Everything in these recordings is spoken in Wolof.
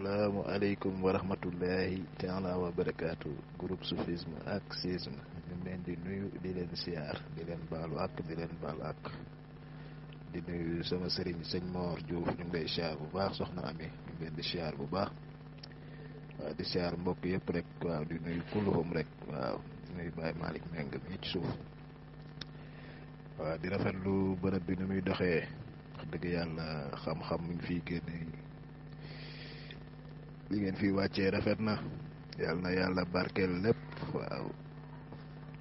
Assalamualaikum wa rahmatullahi taala wa Grup groupe soufisme ak ñu leen di nuyu di leen siyaar di leen balu ak di leen bal ak di nuyu sama serigne serigne mor diouf ñu ngi lay bu baax soxna amé ñu ngi leen di siyaar bu baax waaw di siyaar mbokk yépp rek waaw di nuyu kuluhum rek waaw di nuyu baye malik meng mi ci suuf waaw di rafetlu bërëb bi ni muy doxé wax dëgg yàlla xam-xam mi ngi fiy génne li ngeen fi wàccee rafet na yàlla na yàlla barkeel lépp waaw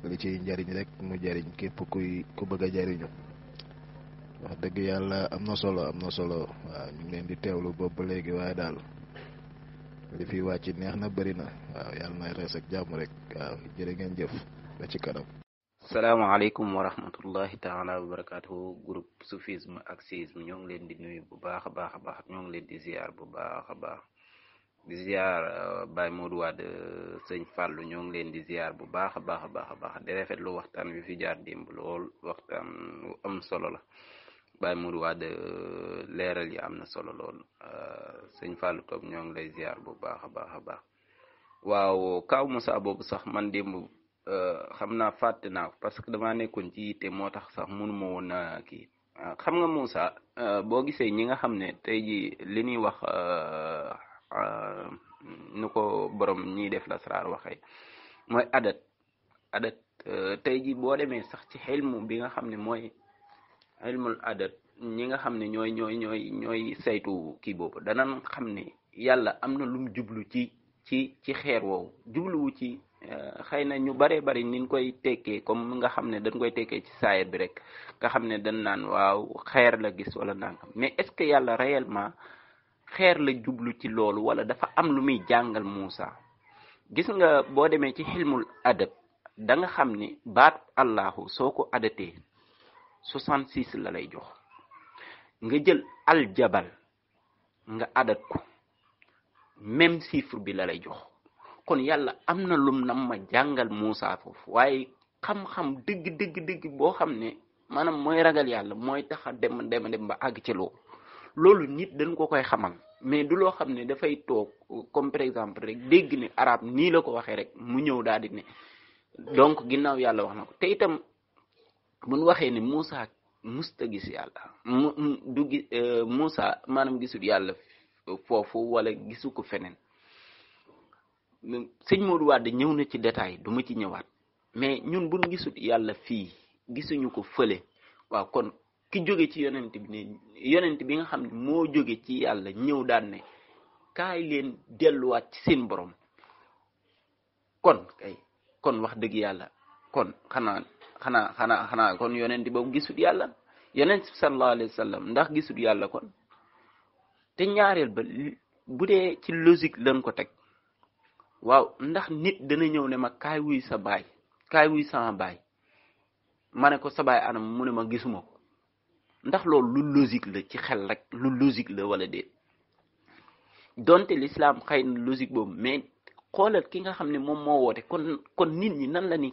li ciy njariñ rek mu jariñ képp kuy ku bëgg a jariñu wax dëgg yàlla am na solo am na solo waaw ñu leen di teewlu bopp ba léegi waaye daal li fi wàcc neex na bëri na waaw yàlla may rees ak jàmm rek waaw jërë ngeen jëf ba ci kanam salaamaaleykum wa rahmatullahi taala wa barakatuhu groupe soufisme ak sisme ñoo ngi leen di nuyu bu baax a baax a leen di ziar bu baax baax di baay euh, Baye Modou Wade euh, sëñ Fallou ñoo ngi leen di ziar bu baax a baax a baax a baax di rafetlu waxtaan wi fi jaar démb lool waxtaan am solo la Baye Modou Wade euh, leeral yi am na solo lool sëñ Fallou toog ñoo ngi lay ziar bu baax a baax a baax waaw Kaaw Moussa boobu sax man démb xam naa fàtte naa parce que damaa nekkoon ci yitte moo tax sax munuma woon naa kii xam nga Moussa boo gisee ñi nga xam ne tey ji li ñuy wax. Euh, nu ko borom ñiy def lasraar waxee mooy adat adat euh, tey ji boo demee sax ci xilmu bi nga xam ne mooy xilmul adat ñi nga xam ne ñooy ñooy ñooy ñooy saytu kii boobu danañ xam ne yàlla am na lum jublu ci ci ci xeer woowu jubluwu ci euh, xëy na ñu baree bari niñ koy tekkee comme nga xam ne dañ koy tekkee ci saayir bi rek nga xam ne dañ naan waaw xeer la gis wala nangam mais est yàlla réellement xeer la jublu ci loolu wala dafa am lu muy jàngal Muusa gis nga boo demee ci xilmul adab danga xam ni baat allahu soo ko adatee soixante six la lay jox nga jël aljabal nga adat ko même chiffre bi la lay jox kon yàlla am na lum na ma jàngal Muusa foofu waaye xam-xam dëgg dëgg dëgg boo xam ne maanaam mooy ragal yàlla mooy tax a dem dem dem ba àgg ci loolu loolu nit dañ ko koy xamal mais du loo xam ne dafay toog comme par exemple rek dégg ne arab nii la ko waxee rek mu ñëw daal di ne donc ginnaaw yàlla wax na ko te itam buñ waxee ne Moussa musta gis yàlla mu du gis euh, Moussa maanaam gisul yàlla foofu wala gisu ko feneen sëñ Modou Wade ñëw na ci détail du ma ci ñëwaat mais ñun buñ gisul yàlla fii gisuñu ko fële waaw kon ki jóge ci yonent bi ne yonent bi nga xam ne moo jóge ci yàlla ñëw daan ne kaay leen delluwaat ci seen borom kon kay kon wax dëgg yàlla kon xanaa xanaa xanaa xanaa kon yonent boobu gisut yàlla yonent bi sallallahu alayhi ndax gisut yàlla kon te ñaareel ba bu dee ci logique lañ ko teg waaw ndax nit dana ñëw ne ma kaay wuy sa baay kaay wuy sama baay ma ne ko sa baay anam mu ne ma gisuma ko ndax loolu lu logique la ci xel rek lu logique la wala déet donte lislaam xëy na logique boobu mais xoolal ki nga xam ne moom moo woote kon kon nit ñi nan la ni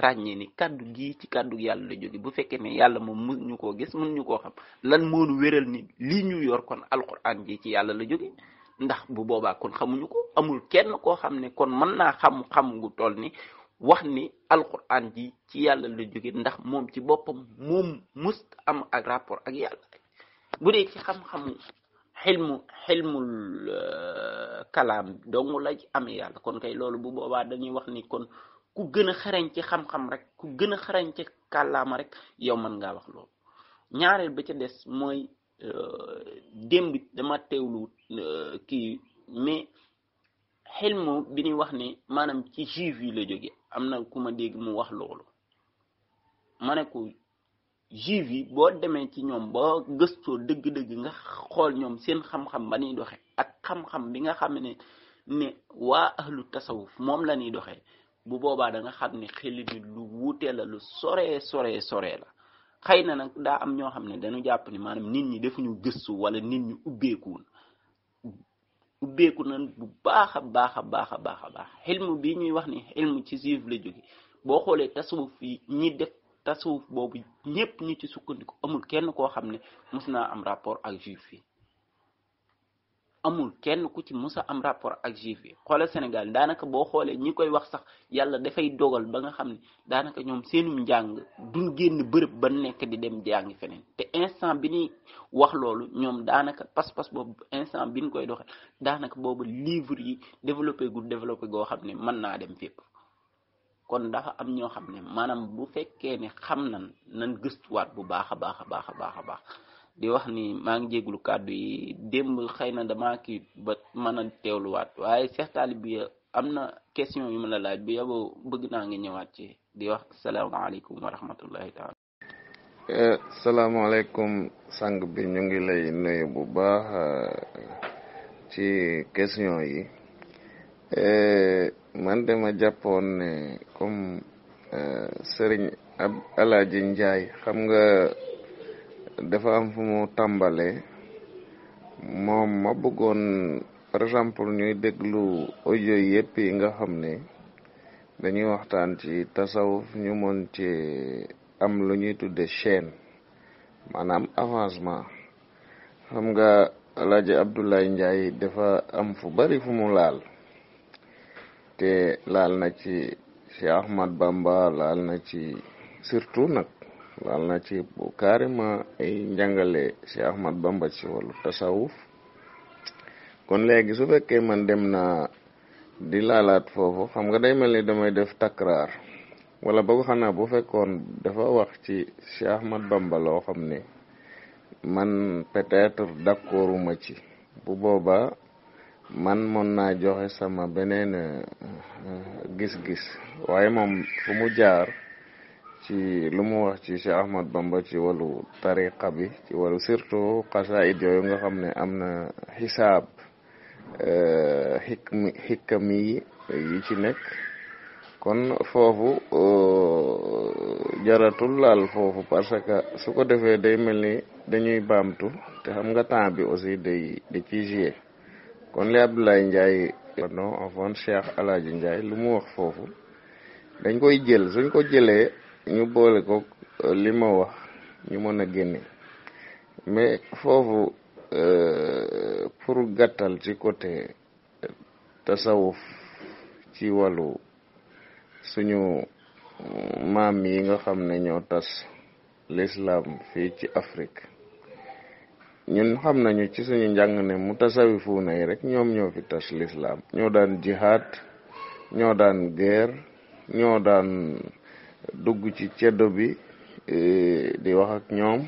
ràññee ni kàddu gi ci kàddu yàlla la jóge bu fekkee ne yàlla moom mun ñu koo gis mu ñu koo xam lan moonu wéral ni lii ñu yor kon alquran ji ci yàlla la jóge ndax bu boobaa kon xamuñu ko amul kenn koo xam ne kon mën naa xam-xam gu toll ni wax ni alquran ji ci yalla la jóge ndax mom ci bopam mom must am ak rapport ak yalla budé helmu ci xam-xamu hilmu xilmul euh, kalam dongu la ci am yalla kon kay lolu bu boba dañuy wax ni kon ku gëna a xarañ ci xam-xam rek ku gëna a xarañ ci kalam rek yow man nga wax lolu ñaareel ba ci des moy euh, démb dama tewlu euh, ki mais hilmu bini wax ni manam ci jivi la am na ku ma dégg mu wax loolu ma ne ko juif yi boo demee ci ñoom boo gëstoo dëgg-dëgg nga xool ñoom seen xam-xam ba ñuy doxe ak xam-xam bi nga xam ne ne waa ahlu tasawuf moom la ñuy doxee bu boobaa danga nga xam ne xel ni lu wuutee la lu soree sore soree la xëy na nag daa am ñoo xam ne dañu jàpp ni maanam nit ñi defuñu gëstu wala nit ñu ubbeekuwul ubbeeku nan bu baax a baax a baax a baax a baax xilmu bi ñuy wax ni xilmu ci juif la jóge boo xoolee tasawuf yi ñi def tasawuf boobu ñépp ñu ci sukkandiku amul kenn koo xam ne mos naa am rapport ak juif yi amul kenn ku ci musa am rapport ak juif yi xoolal Sénégal daanaka boo xoolee ñi koy wax sax yàlla dafay dogal ba nga xam ne daanaka ñoom seenum njàng duñ génn bërëb ba nekk di dem jàngi feneen te instant bi ñuy wax loolu ñoom daanaka pas-pas boobu instant bi ñu koy doxee daanaka boobu livre yi développé gu développé goo xam ne mën naa dem fépp kon dafa am ñoo xam ne maanaam bu fekkee ne xam nan nan gëstuwaat bu baax a baax a baax a baax a baax di wax ni maa ngi jéglu kàddu yi démb xëy na dama ki ba mën a teewluwaat waaye Cheikh Talib bi am na question yu ma la laaj bi yow bëgg naa ngi ñëwaat ci di wax salaamaaleykum wa rahmatullahi taala eh, salaamaaleykum bi ñu ngi lay bu baax eh, ci question yi eh, man dama jàppoon ne comme sëriñ njaay xam nga dafa am fu mu tàmbalee moom ma bëggoon par exemple ñuy déglu audio yépp yi nga xam ne dañuy waxtaan ci tasawuf ñu mën ci am lu ñuy tudde chaine maanaam avancement xam nga alaaji abdoulaye njaay dafa am fu bari fu mu laal te laal na ci si ahmad bamba laal na ci surtout nag laal na ci bu carrément ay njàngale si Ahmad Bamba ci wàllu tasawuf kon léegi su fekkee man dem na di laalaat foofu xam nga day mel ni damay def takraar wala ba ko xanaa bu fekkoon dafa wax ci si Ahmad Bamba loo xam ne man peut-être d'accorduma ci bu boobaa man mën naa joxe sama beneen euh, gis-gis waaye moom fu mu jaar ci lu mu wax ci Cheikh Ahmad Bamba ci wàllu tariqa bi ci wàllu surtout xasaid yooyu nga xam ne am na xisaab euh, xikmi xikami yi ci nekk kon foofu euh, jaratul laal foofu parce que su ko defee day mel ni dañuy baamtu te xam nga temps bi aussi day da ciy joué kon li Abdoulaye Ndiaye non avant Cheikh Alaaji Ndiaye lu mu wax foofu dañ koy jël suñ ko jëlee ñu boole ko euh, li ma wax ñu mën a génne mais foofu euh, pour gàttal ci côté tasawuf ci wàllu suñu maam yi nga xam ne ñoo tas l'islam fii ci Afrique ñun xam nañu ci suñu njàng ne mu tasawifu nay rek ñoom ñoo fi tas l'islam ñoo daan jihad ñoo daan guerre ñoo daan dugg ci ceddo bi e, di wax ak ñoom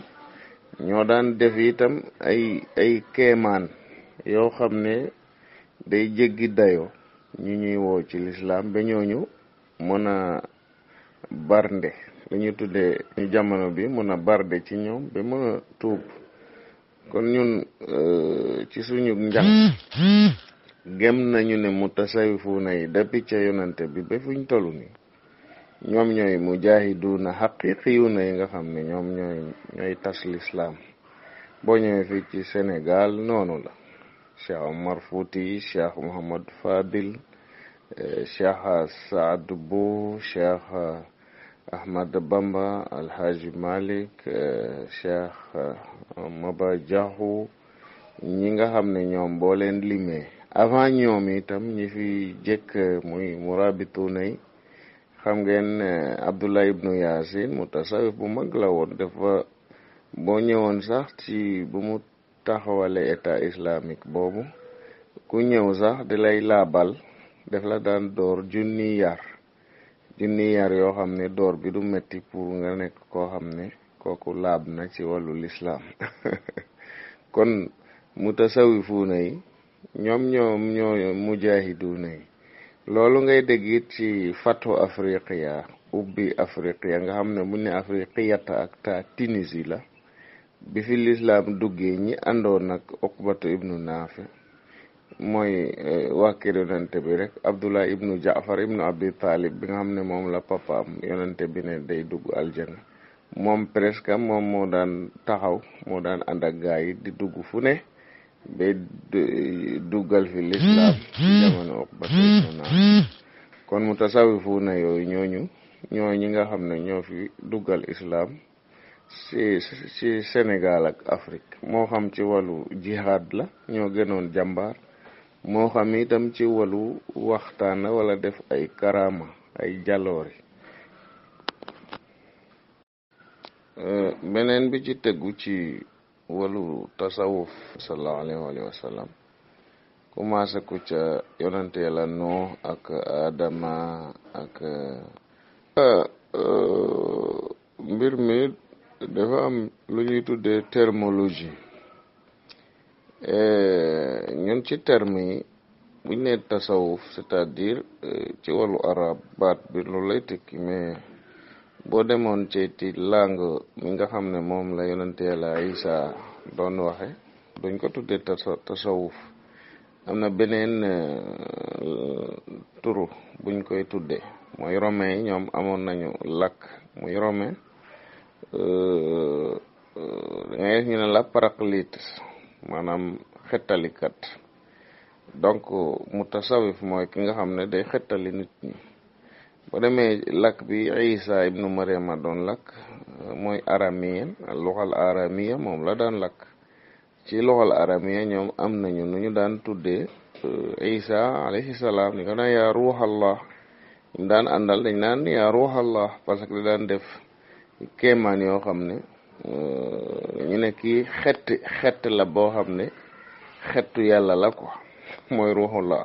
ñoo daan def itam ay ay keemaan yoo xam ne day jéggi dayoo ñu ñuy woo ci lislaam ba ñooñu mën a barnde li tuddee ñu jamono bi mën a barde ci ñoom ba mën tuub kon ñun e, ci suñu njàng gëm nañu ne mu tasawifu na yi depuis ca yonante bi ba fuñ toll nii ñoom ñooy mujaahiduuna xaqiqiyuuna yi nga xam ne ñoom ñooy tas lislaam boo ñëwee fii ci Sénégal noonu la Cheikh Omar Fouti Cheikh Mouhamad Fadil eh, Cheikh Saad Bou Cheikh eh, Ahmad Bamba Alhaji Malik eh, Cheikh Maba Diakhou ñi nga xam ne ñoom boo leen limee avant ñoom itam ñi fi jëkk muy murabituuna yi xam ngeen Abdullah ibnu Yaasin mu bu mag la woon dafa boo ñëwoon sax ci bu mu taxawale état islamique boobu ku ñëw sax di lay laabal def la daan door junni yar yoo xam ne door bi du metti pour nga nekk koo xam ne kooku laab na ci wàllu lislaam kon mu tasawifuuna yi ñoom ñoom ñoo mujaahiduuna yi loolu ngay dégg it ci fatu afriqiya ubbi afriqiya nga xam ne buñ ne afriqiyata ak ta Tunisie la bi fi lislaam duggee ñi àndoon ak uqbatu ibnu naafi mooy eh, wàkkir yonente bi rek abdullah ibnu jaafar ibnu abi taalib bi nga xam ne moom la papaam yonente bi ne day dugg aljana moom presque moom moo daan taxaw moo daan ànd ak gaa di dugg fu ne bay duggal fi lislaam ci jamono uqbatu naa kon mu tasawifuuna yooyu ñooñu ñoo ñi nga xam ne ñoo fi dugal islaam ci ci Sénégal ak Afrique moo xam ci wàllu jihaad la ñoo gënoon jàmbaar moo xam itam ci wàllu waxtaan la wala def ay karama ay jaloori euh, beneen bi ci tegu ci walu tasawuf sallallahu alayhi wa sallam commencé ku ca yonante yàlla Nuux ak Adama ak ah, euh, mbir mi dafa am lu ñuy tuddee terminologie eh, ñun ci terme yi buñ ne tasawuf c'est-à-dire eh, ci wàllu arab baat bi lu lay tekki mais boo demoon ci ti langue mi nga xam ne moom la yonente yàlla Isa doon waxe duñ ko tuddee tasawuf am na beneen euh, turu buñ koy tuddee mooy romain yi ñoom amoon nañu lakk muy rome euh, euh, da ngay ñu ne la paraclite maanaam xettalikat donc mu tasawif mooy ki nga xam ne day xetali nit ñi boo demee lakk bi isa ibnu mariama doon lakk mooy aramiyen loxal aramiya moom la daan lakk ci loxal aramiya ñoom am nañu nu ñu daan tudde euh, isa alayhi salaam ni ko naan yaa ruuxallah ñu daan àndal dañ naan yaa ruuxallah parce que daan def kéemaan yoo xam ne euh, ñu ne kii xett la boo xam ne xetu yàlla la ko mooy ruuxallah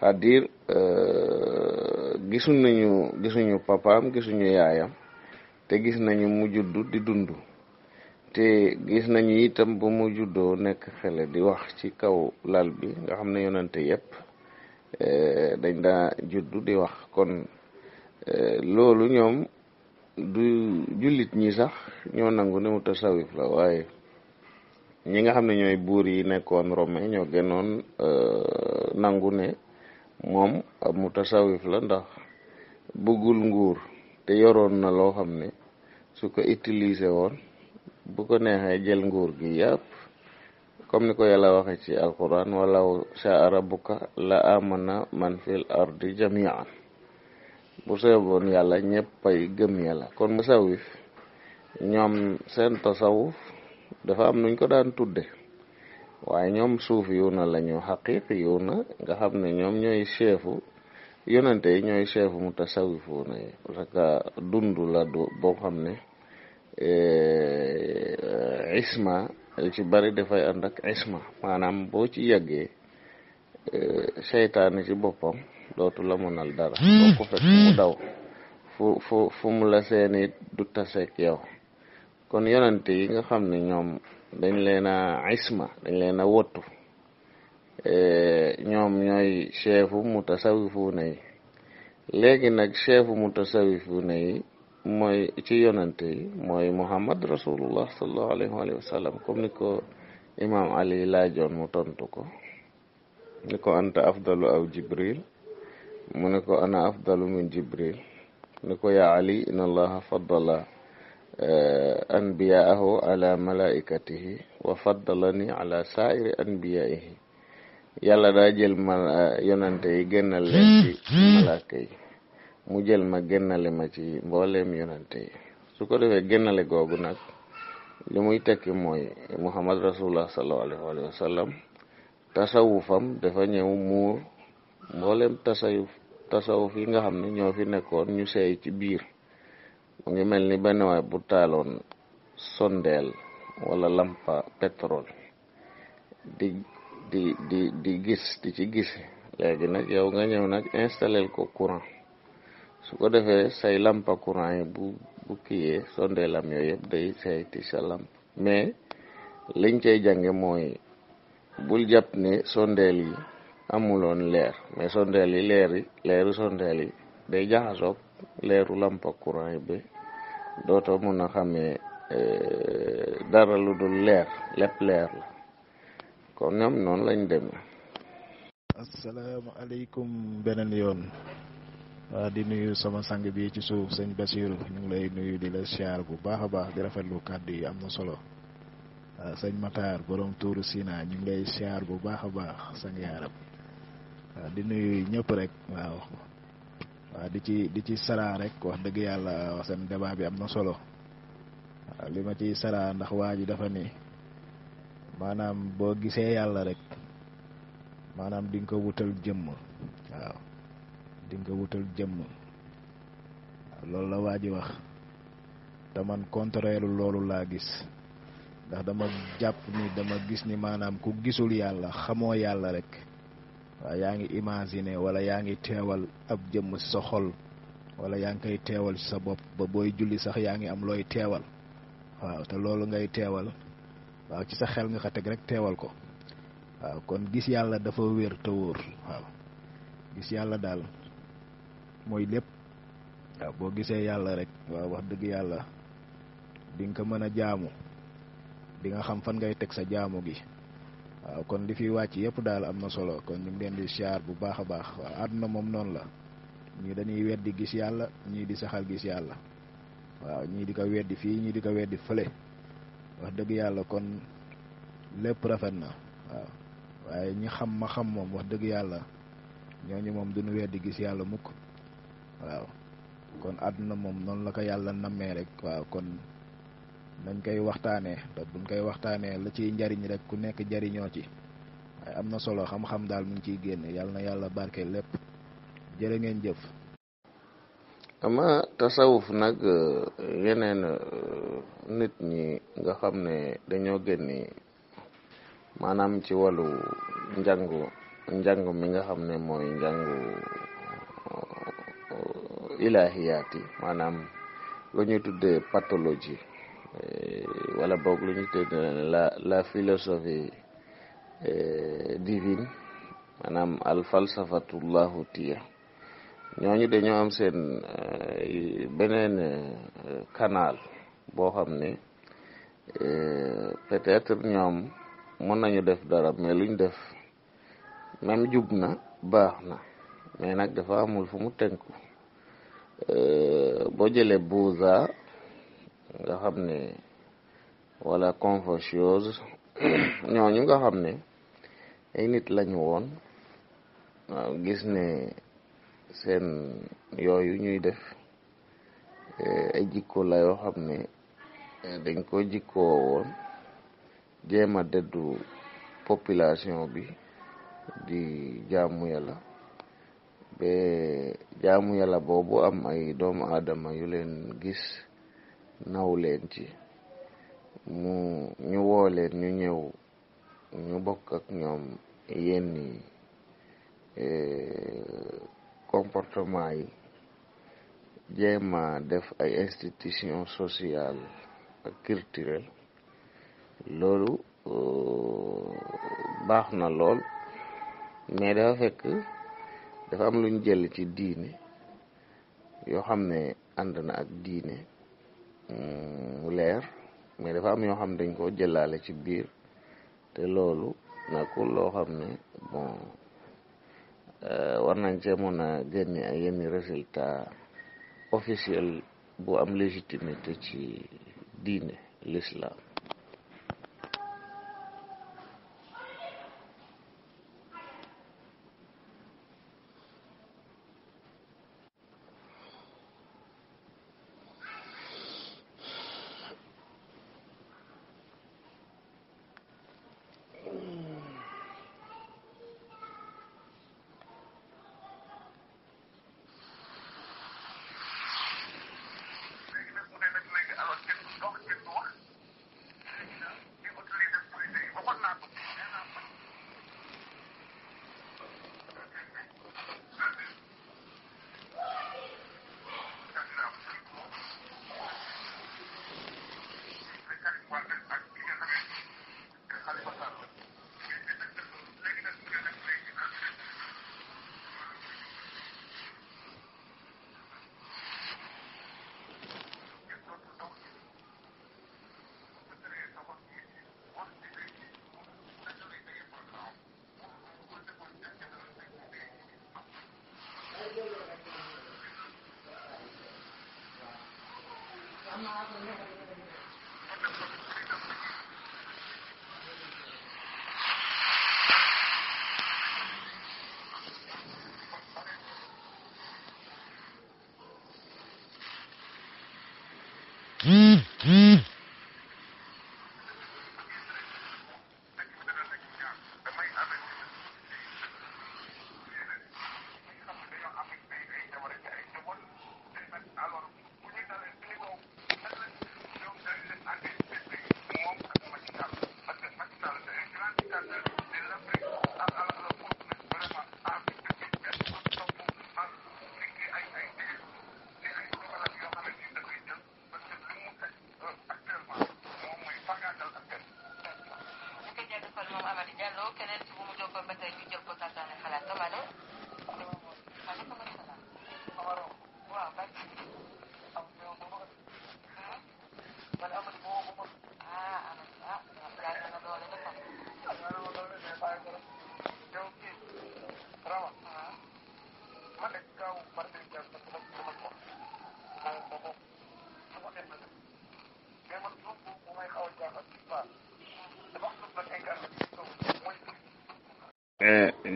c'est-à-dire euh, gisuñ nañu gisuñu papaam gisuñu yaayam te gis nañu mu juddu di dundu te gis nañu itam ba mu juddoo nekk xele di wax ci kaw lal bi nga xam ne yonante yépp eh, dañ daa juddu di wax kon eh, loolu ñoom du julit ñi sax ñoo nangu ne mu tasawif la waaye ñi nga xam ne ñooy buur yi nekkoon Rome ñoo gënoon eh, nangu ne moom ab mutasawif la ndax bëggul nguur te yoroon na loo xam ne su ko utiliser woon bu ko neexee jël nguur gi yàpp comme ni ko yàlla waxee ci alquran wala shaa rabbuka la amana man fil ardi jamian bu seeboon yàlla ñëppay gëm yàlla kon musawif ñoom seen tasawuf dafa am nuñ ko daan tudde waaye ñoom suuf suufiyuuna lañu xaqiqiyuuna nga xam ne ñoom ñooy chefu yonente yi ñooy chefu mutasawifuuna yi parce que dund la du boo xam ne eh, isma ci bari dafay ànd ak isma maanaam boo ci yàggee eh, seytaane ci boppam dootu la mënal dara boo ko fekk mu daw fu fu mu la seeni du taseek yow kon yonente yi nga xam ne ñoom dañ leen isma dañ leen a wottu ñoom ñooy mutasawifu na e, yi léegi nag mutasawifu na yi mooy ci yonante yi mooy muhammad rasulullah salallahu alayhi wa sallam comme ni ko imam ali laajoon mu tontu ko ni ko anta afdalu aw jibril mu ne ko ana afdalu min jibril ni ko ya ali in allaha faddala anbiyaahu ala malaikatihi wa faddalani ala saairi anbiyaihi yàlla daa jël ma yonante yi gënnal hmm. mu jël ma gënnale ma ci yonante yi su ko defee gënnale googu nag li muy tekki mooy muhammad rasulullah sallallahu alayhi wa tasawufam dafa ñëw muur mbooleem tasawuf nga xam ne ñoo fi nekkoon ñu seey ci biir mu ngi mel ni benn waay bu taaloon sondeel wala lampa pétrole di di di gis di ci gise léegi nag yow nga ñëw nag installel ko courant su ko defee say lampa courant yi bu bu kiyee sondeelam yooyu yëpp day sayti sa lamp mais liñ cay jànge mooy bul jàpp ni sondeel yi amuloon leer mais sondeel yi leer yi leeru sondeel yi day jaxasoog leeru lampa courant yi ba dootoo mun a xamee eh, dara lu dul leer lepp leer la kon ñoom noonu lañ demee asalaamaaleykum beneen yoon waa di nuyu sama sang bi ci suuf sëñ basiru ñu ngi lay nuyu di la siyaar bu baax a baax di rafetlu kàddu yi am na solo sëñ mataar borom tuuru sina ñu ngi lay siyaar bu baax a baax sang yaaram di nuyu ñëpp rek waaw waaw di ci di ci sara rek wax dëgg yàlla wax seen débat bi am na solo waaw li ma ciy sara ndax waa ji dafa ni maanaam boo gisee yàlla rek maanaam di ko wutal jëmm waaw di ko wutal jëmm loolu la waa ji wax te man contraire loolu laa gis ndax dama jàpp ni dama gis ni maanaam ku gisul yàlla xamoo yàlla rek yaa ngi imaginer wala yaa ngi teewal ab jëmm soxol wala yaa ngi koy teewal sa bopp ba booy julli sax yaa ngi am looy teewal waaw te loolu ngay teewal waaw ci sa xel nga ko rek teewal ko waaw kon gis yàlla dafa wér te wóor waaw gis yàlla daal mooy lépp waaw boo gisee yàlla rek waaw wax dëgg yàlla di nga ko jaamu di nga xam fan ngay teg sa jaamu gi waaw kon li fiy wàcc yépp daal am na solo kon ñu ngi leen di siyaar bu baax a baax waaw àdduna moom noonu la ñii dañuy di gis yàlla ñii di saxal gis yàlla waaw ñii di ko di fii ñii di ko di fële wax dëgg yàlla kon lépp rafet na waaw waaye ñi xam ma xam moom wax dëgg yàlla ñooñu moom duñu di gis yàlla mukk waaw kon àdduna moom noonu la ko yàlla nammee rek waaw kon nañ koy waxtaanee te buñ koy waxtaanee la ciy njariñ rek ku nekk jariñoo ci am na solo xam-xam daal mu ngi ciy génn yàlla na yàlla barke ngeen jëf ama tasawuf nag euh, yeneen euh, nit ñi nga xam ne dañoo génni maanaam ci wàllu njàngu njàng mi nga xam ne mooy njàngu euh, ilahiyaat ñuy tuddee pathologie Eh, wala boog lu ñu tuddee la la philosophie eh, divine maanaam al falsafatullahutiya ñooñu dañoo am seen eh, beneen canal boo xam ne peut-être ñoom mën nañu def dara mais luñ def même jub na baax na mais nag dafa amul fu mu tënku boo jëlee buusa nga xam ne wala confuciose ñooñu nga xam ne ay nit lañu woon waaw gis ne seen yooyu ñuy def eh, ay jikko la yoo xam ne eh, dañ ko jikkoo woon jéem a dëddu population bi di jaamu yàlla ba jaamu yàlla boobu am ay doomu aadama yu leen gis naw leen ci mu ñu woo leen ñu ñëw ñu bokk ak ñoom yenn e, comportement yi jéema def ay institution sociale ak culturelle loolu e, baax na lool mais dafa fekk dafa am luñ jël ci diine yoo xam ne ànd na ak diine Mm, mu leer mais dafa am yoo xam dañ ko jëlaale ci biir te loolu nekkul loo xam ne bon euh, war nañ cee a génne ay résultat officiel bu am légitimité ci diine l'islam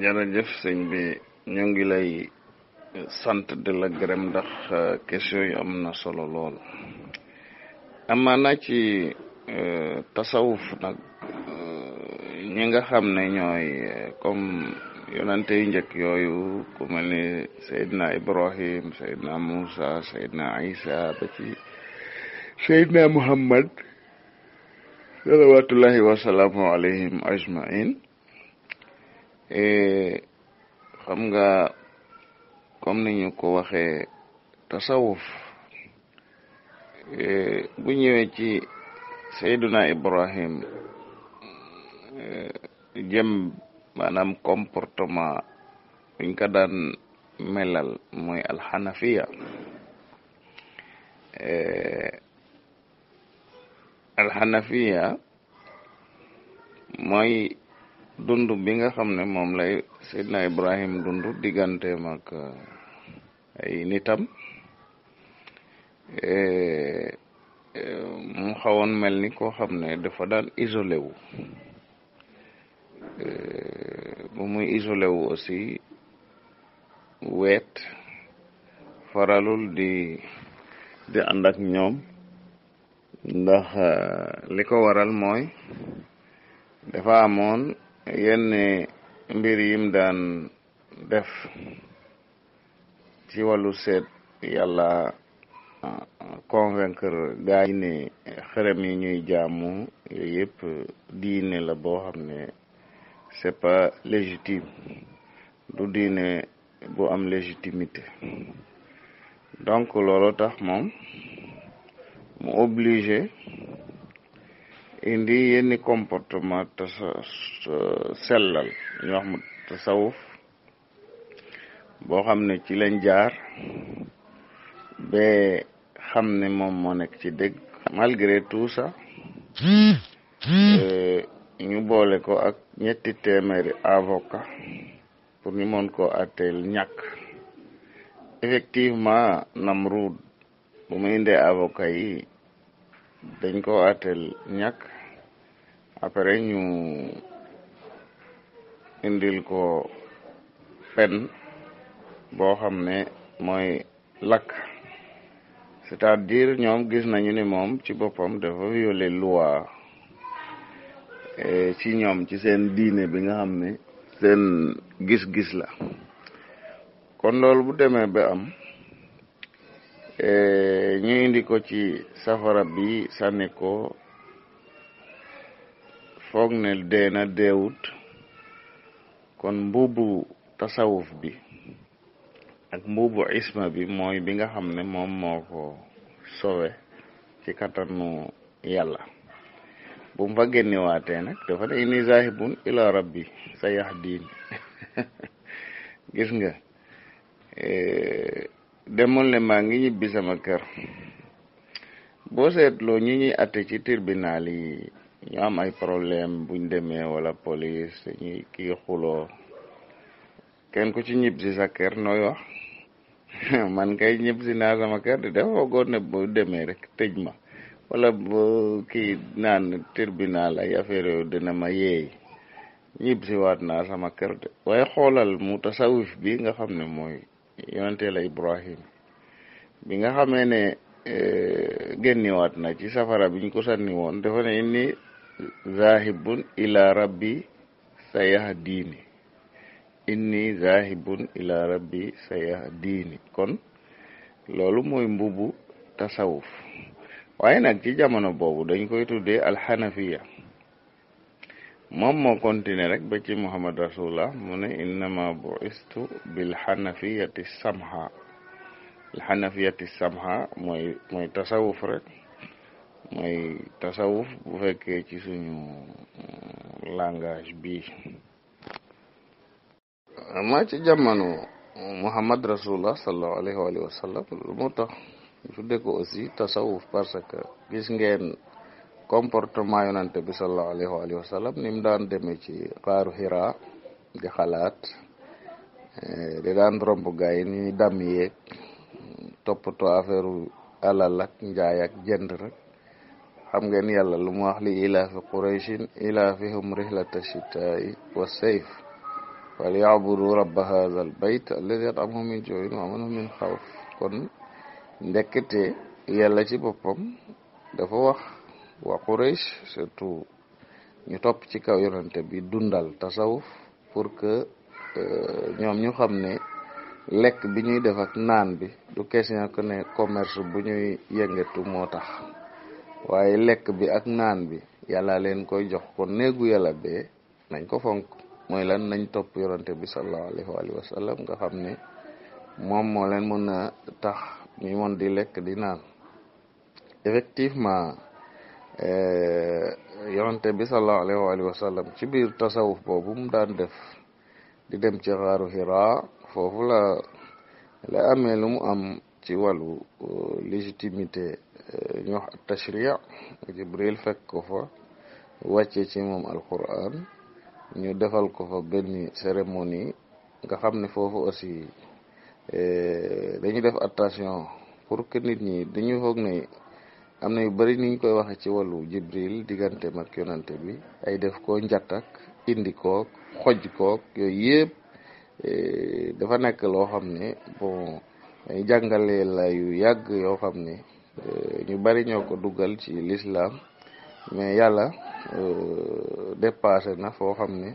jërëjëf sëñ bi ñu ngi lay sant di la gërëm ndax euh, question yi am na solo lool amaana ci euh, tasawuf nag euh, ñi nga xam ne ñooy comme yonante yi njëkk yooyu ku mel ni ibrahim sayidna musa sayidna isa ba ci sayidna muhammad salawatullahi wasalaamu alaihim ajmain Eh, xam nga comme ni ñu ko waxee tasawuf eh, bu ñëwee ci sayduna ibrahim eh, jëm maanaam comportement buñ ko daan melal mooy alxanafiya alxanafiya mooy dund bi nga xam ne moom lay Seydina Ibrahim dund digganteem ak eh, ay nitam eh, eh, mu xawoon mel ni koo xam ne dafa dal isolé wu bu muy isolé wu aussi weet faralul di di ànd ñoom ndax li ko waral mooy dafa amoon yenn mbir yim daan def ci wàllu seet yàlla ah, convaincre gaa yi ne xërëm yi ñuy jaamu yooyu yëpp diine la boo xam ne c'est pas légitime du diine bu am légitimité donc loolu tax moom mu obligé indi yenn comportement tasa sellal ñu wax mu tasawuf boo xam ne ci lañ jaar ba xam ne moom moo nekk ci dëgg malgré tout ça eh, ñu boole ko ak ñetti téeméeri avocat pour ñu mën koo atteel ñàkk effectivement nam ruud bu muy indee avocat yi dañ koo atteel ñàkk après ñu indil ko pen boo xam ne mooy lakk c'est-à-dire ñoom gis nañu ni moom ci boppam dafa violer loi ci ñoom ci seen diine bi nga xam ne seen gis-gis la kon loolu bu demee bi am eh, ñu indi ko ci safara bi sànni ko foog ne dee na deewut kon mbuubu tasawuf bi ak mbuubu isma bi mooy bi nga xam ne moom moo ko sowe ci kattanu yàlla bu mu fa génnewaatee nag dafa ne inni zahibun ila rabbi sa diin gis nga e, demoon le maa ngi ñibbi sama kër boo seetloo ñi ñuy atte ci tribunal ñu am ay problème buñ demee wala police dañuy kii xuloo kenn ku ci ñib si sa kër nooy wax man kay ñib si naa sama kër di def foogoon ne bu demee rek tëj ma wala bu kii naan tribunal ay affaire yooyu dina ma yeey ñib si waat naa sama kër de waaye xoolal mu tasawif bi nga xam ne mooy yonente la Ibrahim bi nga xamee ne eh, génniwaat na ci safara bi ñu ko sànni woon dafa ne inni zahibun ila rabbi sayahdini inni zahibun ila rabbi sayahdini kon loolu mooy mbubu tasawuf waaye nag ci jamono boobu dañ koy tuddee alxanafiya moom moo continué rek ba ci muhammad rasulullah mu ne innama buistu bilxanafiyati samha alxanafiyati samha mooy mooy tasawuf rek mooy tasawuf bu fekkee ci suñu euh, langage bi ma ci jamono muhammad rasulullah sallallahu alayhi wa sallam lu moo tax tudde ko aussi tasawuf parce que gis ngeen comportement yonante bi sallallahu alayhi wa sallam ni mu daan demee ci xaaru xira di xalaat euh, di daan romb gars ni ñuy dam yeeg toppatoo affaire alal ak xam ngeen yàlla lu mu wax li ilaafi qurayshin ilaafihum rihlata shitaa'i wa sayf wal yacbudu rabba haadha al bayt alladi at'amahum min juu'in wa aamanahum min xawf kon ndekkete yàlla ci boppam dafa wax wa quraysh surtout ñu top ci kaw yonente bi dundal tasawuf pour que euh, ñoom ñu xam ne lekk bi ñuy defak naan bi du question que ne commerce bu ñuy yëngatu moo tax waaye lekk bi ak naan bi yàlla leen koy jox kon néegu yàlla bee nañ ko fonk mooy lan nañ topp yorante bi sallallahu alayhi wa sallam nga xam ne moom moo leen mën na tax ñu mën di lekk di naan effectivement euh, yoronte bi sallallahu alayhi wa sallam ci biir tasawuf boobu mu daan def di dem ci xaaru Hira foofu la la amee lu am ci wàllu euh, légitimité ñu wax ak tashri jibril fekk ko fa wàcce ci moom alquran ñu defal ko fa benn cérémonie nga xam ne foofu aussi e, dañu def attention pour que nit ñi dañu foog ne am na yu bari ni ñu koy waxe ci wàllu jibril diggante mag yonante bi ay def ko njattak indi kook xoj kook yooyu yëpp e, dafa nekk loo xam ne bon dañu jàngale la yu yàgg yoo xam ne Euh, ñu bari ñoo ko dugal ci lislaam mais yàlla euh, dépassé na foo xam ne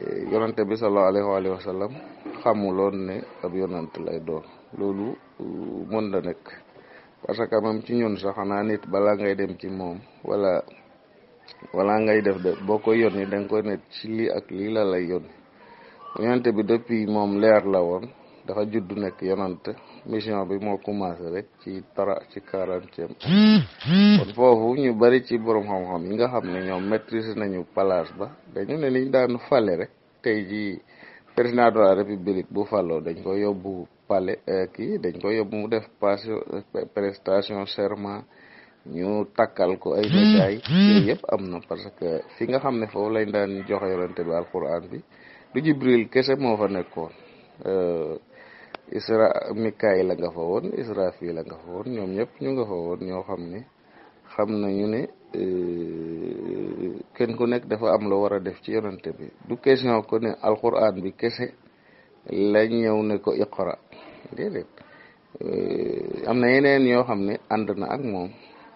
euh, yonante bi sallallahu alayhi wa sallam xamuloon ne ab yonant lay doon loolu mën na nekk parce que même ci ñun sax xanaa nit balaa ngay dem ci moom wala wala ngay def de boo koy yónni da nga koy ne ci lii ak lii la lay yónni yonante bi depuis moom leer la woon dafa judd nekk yonant mission bi moo commencé rek ci tara ci quarantième kon foofu ñu bari ci borom xam-xam yi nga xam ne ñoom maîtrise nañu palaas ba dañu ne liñ daan fale rek tey jii président de la république bu faloo dañ ko yóbbu pale eh, kii dañ ko yóbbu mu def eh, prestation serment ñu takkal ko ay médailles yooyu yëpp am na parce que fi nga xam ne foofu lañ daan joxe yonante bi alquran bi du jibril kese moo fa nekkoon eh, isra mikaayil la nga fa woon israfil la nga fa woon ñoom ñëpp ñu nga fa woon ñoo xam ne xam nañu ne e, kenn ku nekk dafa am lu war a def ci yonante bi du question ko ne alquran bi kese la ñëw ne ko iqra e, am na yeneen yoo xam ne ànd na ak moom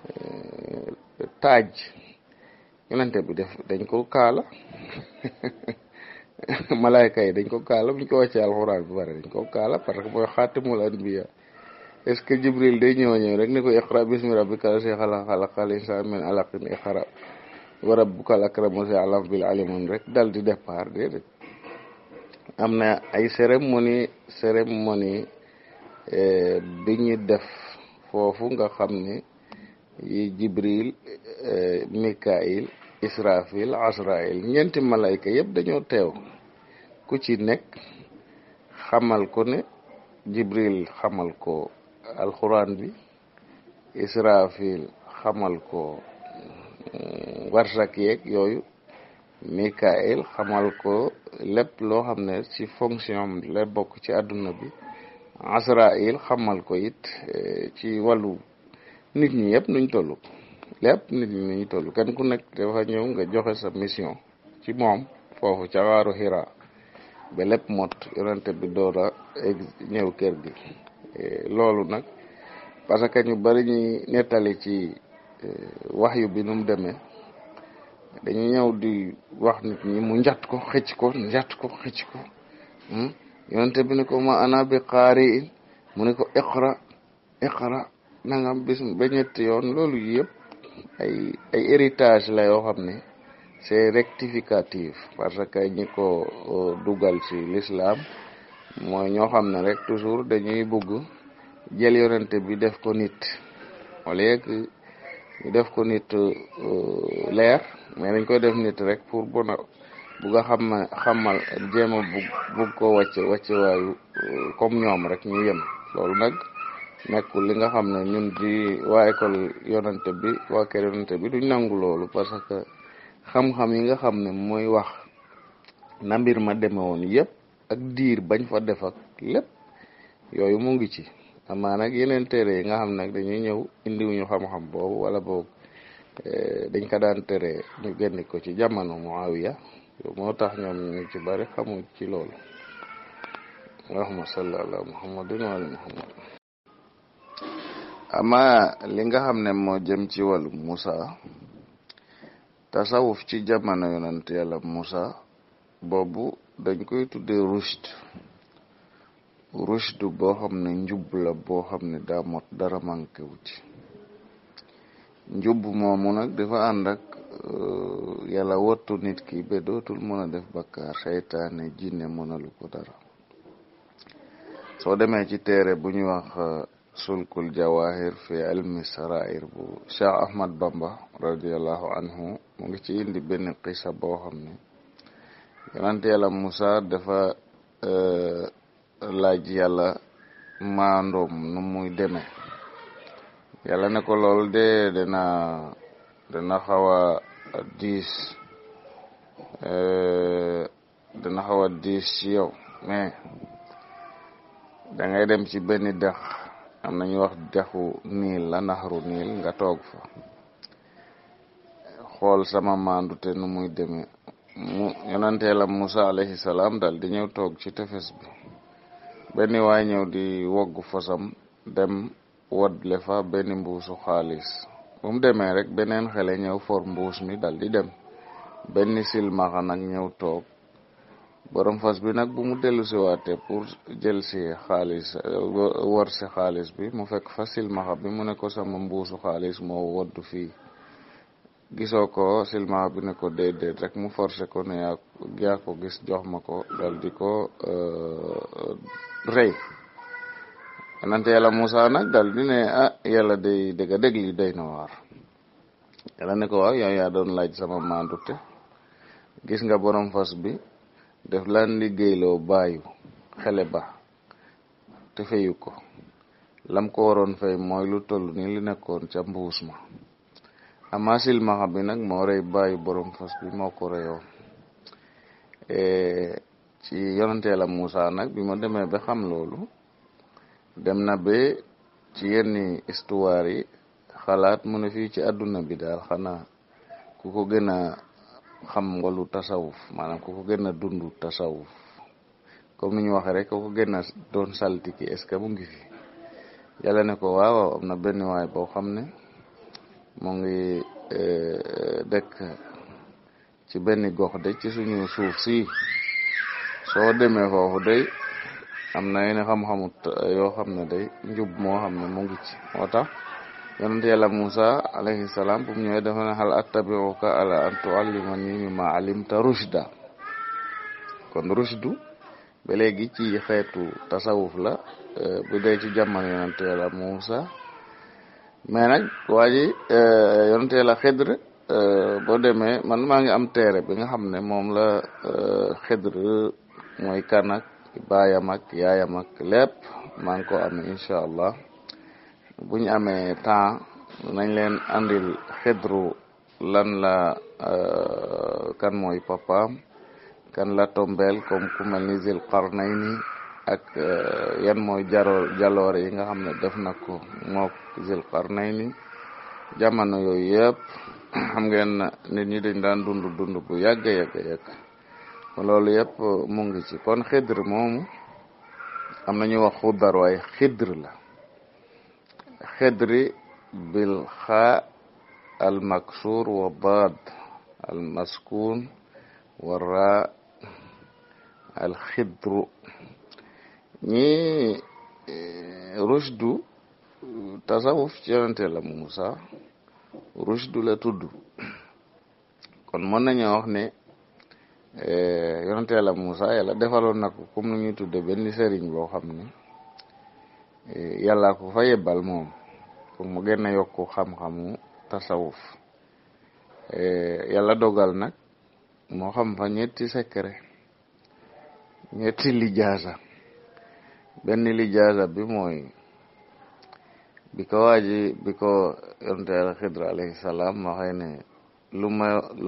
e, taaj yonante bi def dañ ko kaala malaayka yi dañ ko kaala ñu ko wàccee alxuraan bi pare dañ ko kaala parce que mooy xaatimul anbiya est ce que jibril day ñëw ñëw rek ne ko iqra bismi rabbika lasi xalaq xalaqal insaan min alaqin iqra wa rabbukal akram wasi alam bil alimun rek dal di départ déedéet am na ay cérémonie cérémonie eh, bi ñu def foofu nga xam ne yi jibril eh, mikail israfil asrail ñeenti malayka yëpp dañoo teew ku ci nekk xamal ko ne jibril xamal ko alxuraan bi israfil xamal ko mm, warsak yeeg yooyu il xamal ko lépp loo xam ne ci fonction la bokk ci àdduna bi asrail xamal ko it eh, ci wàllu nit ñi yëpp nuñ tollu lépp nit ñi ñu toll kenn ku nekk dafa ñëw nga joxe sa mission ci moom foofu ca waaru xira ba lépp mot yonente bi door a ñëw kër gi e, loolu nag parce que ñu bari ñuy nettali ci e, wax yu bi nu mu demee dañu ñëw di wax nit ñi mu njat ko xëcc ko njat ko xëcc ko hmm? yonente bi ni ko ma ana bi qaariin mu ni ko iqra iqra nangam bis ba ñetti yoon loolu yëpp ay ay héritage la yoo xam ne c'est rectificatif parce que ñi ko dugal si l'islam mooy ñoo xam ne rek toujours dañuy bugg jël yonente bi def ko nit au lieu que def ko nit euh, leer mais dañ koy def nit rek pour bona bugg a xam xamal xam a bugg bugg ko wàcce wàcce waayu euh, comme ñoom rek ñu yem loolu nag nekku li nga xam ne ñun di waa école yonante bi waa kër yonante bi duñ nangu loolu parce que xam-xam yi nga xam ne mooy wax na mbir ma deme woon yépp ak diir bañ fa def ak lépp yooyu mu ngi ci amaa nag yeneen tere yi nga xam nag dañuy ñëw indiwuñu xam-xam boobu wala boog eh, dañ ko daan tere ñu génni ko ci jamono moawiya moo tax ñoom ñu ci bari xamuñ ci loolu allahuma salli ala muhammadin wa ali muhammad amma li nga xam ne moo jëm ci wàllu Musa tasawuf ci jamono yonent yàlla Musa boobu dañ koy tuddee rushd rushd boo xam ne njub la boo xam ne daa mot dara manqué wu ci njub moomu nag dafa ànd ak euh, yàlla wattu ki ba dootul mën a def bakkaar seytaane jinne mënalu ko dara soo demee ci téere bu wax sulkul jawahir fi ilmi sarair bu Cheikh Ahmad Bamba radhiyallahu anhu mu ngi ci indi benn qisa boo xam ne yonante yàlla Moussa dafa eh, laaj yàlla maandoom nu muy demee yàlla ne ko lool de dana dana xaw a diis eh, dana xaw a diis ci yow mais da ngay dem ci benn dex am na ñu wax dexu niil la naxru niil nga toog fa xool sama mandute nu muy demee mu yonantee la musa alayhi salaam dal di ñëw toog ci tefes bi benn waay ñëw di wogg fosam dem wad le fa benn mbuusu xaalis bu mu demee rek beneen xele ñëw for mbuus mi dal di dem benn silmaxa nag ñëw toog borom fas bi nag bu mu dellu si waate pour jël si xaalis war si xaalis bi mu fekk fa silmaxa bi mu ne ko sama mbuusu xaalis mo wodd fi gisoo ko silmaxa bi ne ko déedéet rek mu forcé ko ne yaa ko gis jox ma ko dal di ko euh, rey nante yàlla Moussa nag dal di ne ah yàlla day dëgg dëgg na waar yàlla ne ko waaw yow yaa doon laaj sama maandute gis nga borom fas bi def laan liggéeyloo bàyyu xele ba te feyu ko lam ko waroon fay mooy lu toll ni lu nekkoon ca mbuus ma ama silmaxa bi nag moo rey bàyyu borom fas bi moo ko reyoon e, ci yonanteela Moussa nag bi ma demee ba xam loolu dem na ba ci yenn histoire yi xalaat mu ne fii ci àdduna bi daal xanaa ku ko gën xam nga lu tasawuf maanaam ko gën a dund tasawuf comme ni ñu waxee rek ku ko gën a doon ki est ce que mu ngi fi yàlla ne ko waaw am na benn waay boo xam ne mu ngi eh, dëkk ci benn gox de ci suñu suuf si soo demee foofu day am na yenn xam-xamut eh, yoo xam ne day njub moo xam ne mo ngi ci yonent yàlla Musa alaihi salam bu mu ñëwee dafa hal attabi'uka ala an tu'allimani mimma alimta rushda kon rushdu ba léegi ci tasawuf la e, bu ci yonent ya Musa mais nag waa ji yonent yàlla man mangi ngi am teere bi nga xam ne la e, khidr mooy kanak ak ak ak allah buñ amé temps nañ leen andil xedru lan la euh, kan moy papa kan la tombel comme ku melni zil qarnayni ak euh, yan moy jaro jalor yi nga xam def nako mo zil qarnayni jamono yoy yëpp xam ngeen nit ñi dañ daan dund dund bu yagg yagg loolu mu ngi ci kon xidr moomu am na ñu wax xudar way xidr la khidri bil kha al maksur wa bad al maskun wa ra al khidru ni eh, rushdu tasawuf yonante la musa rushdu la tudd kon mën nañoo wax ne eh, yonante la musa yàlla defaloon na ko comme nu ñuy tudde benn sëriñ boo xam ne eh, yàlla ko fa yebbal pour mu gën a yokku xam-xamu tasawuf eh, yàlla dogal nag moo xam fa ñetti secret ñetti lijaasa benn lijaasa bi mooy bi ko waaji bi ko yonte yàlla xidra alayhi salaam waxee ne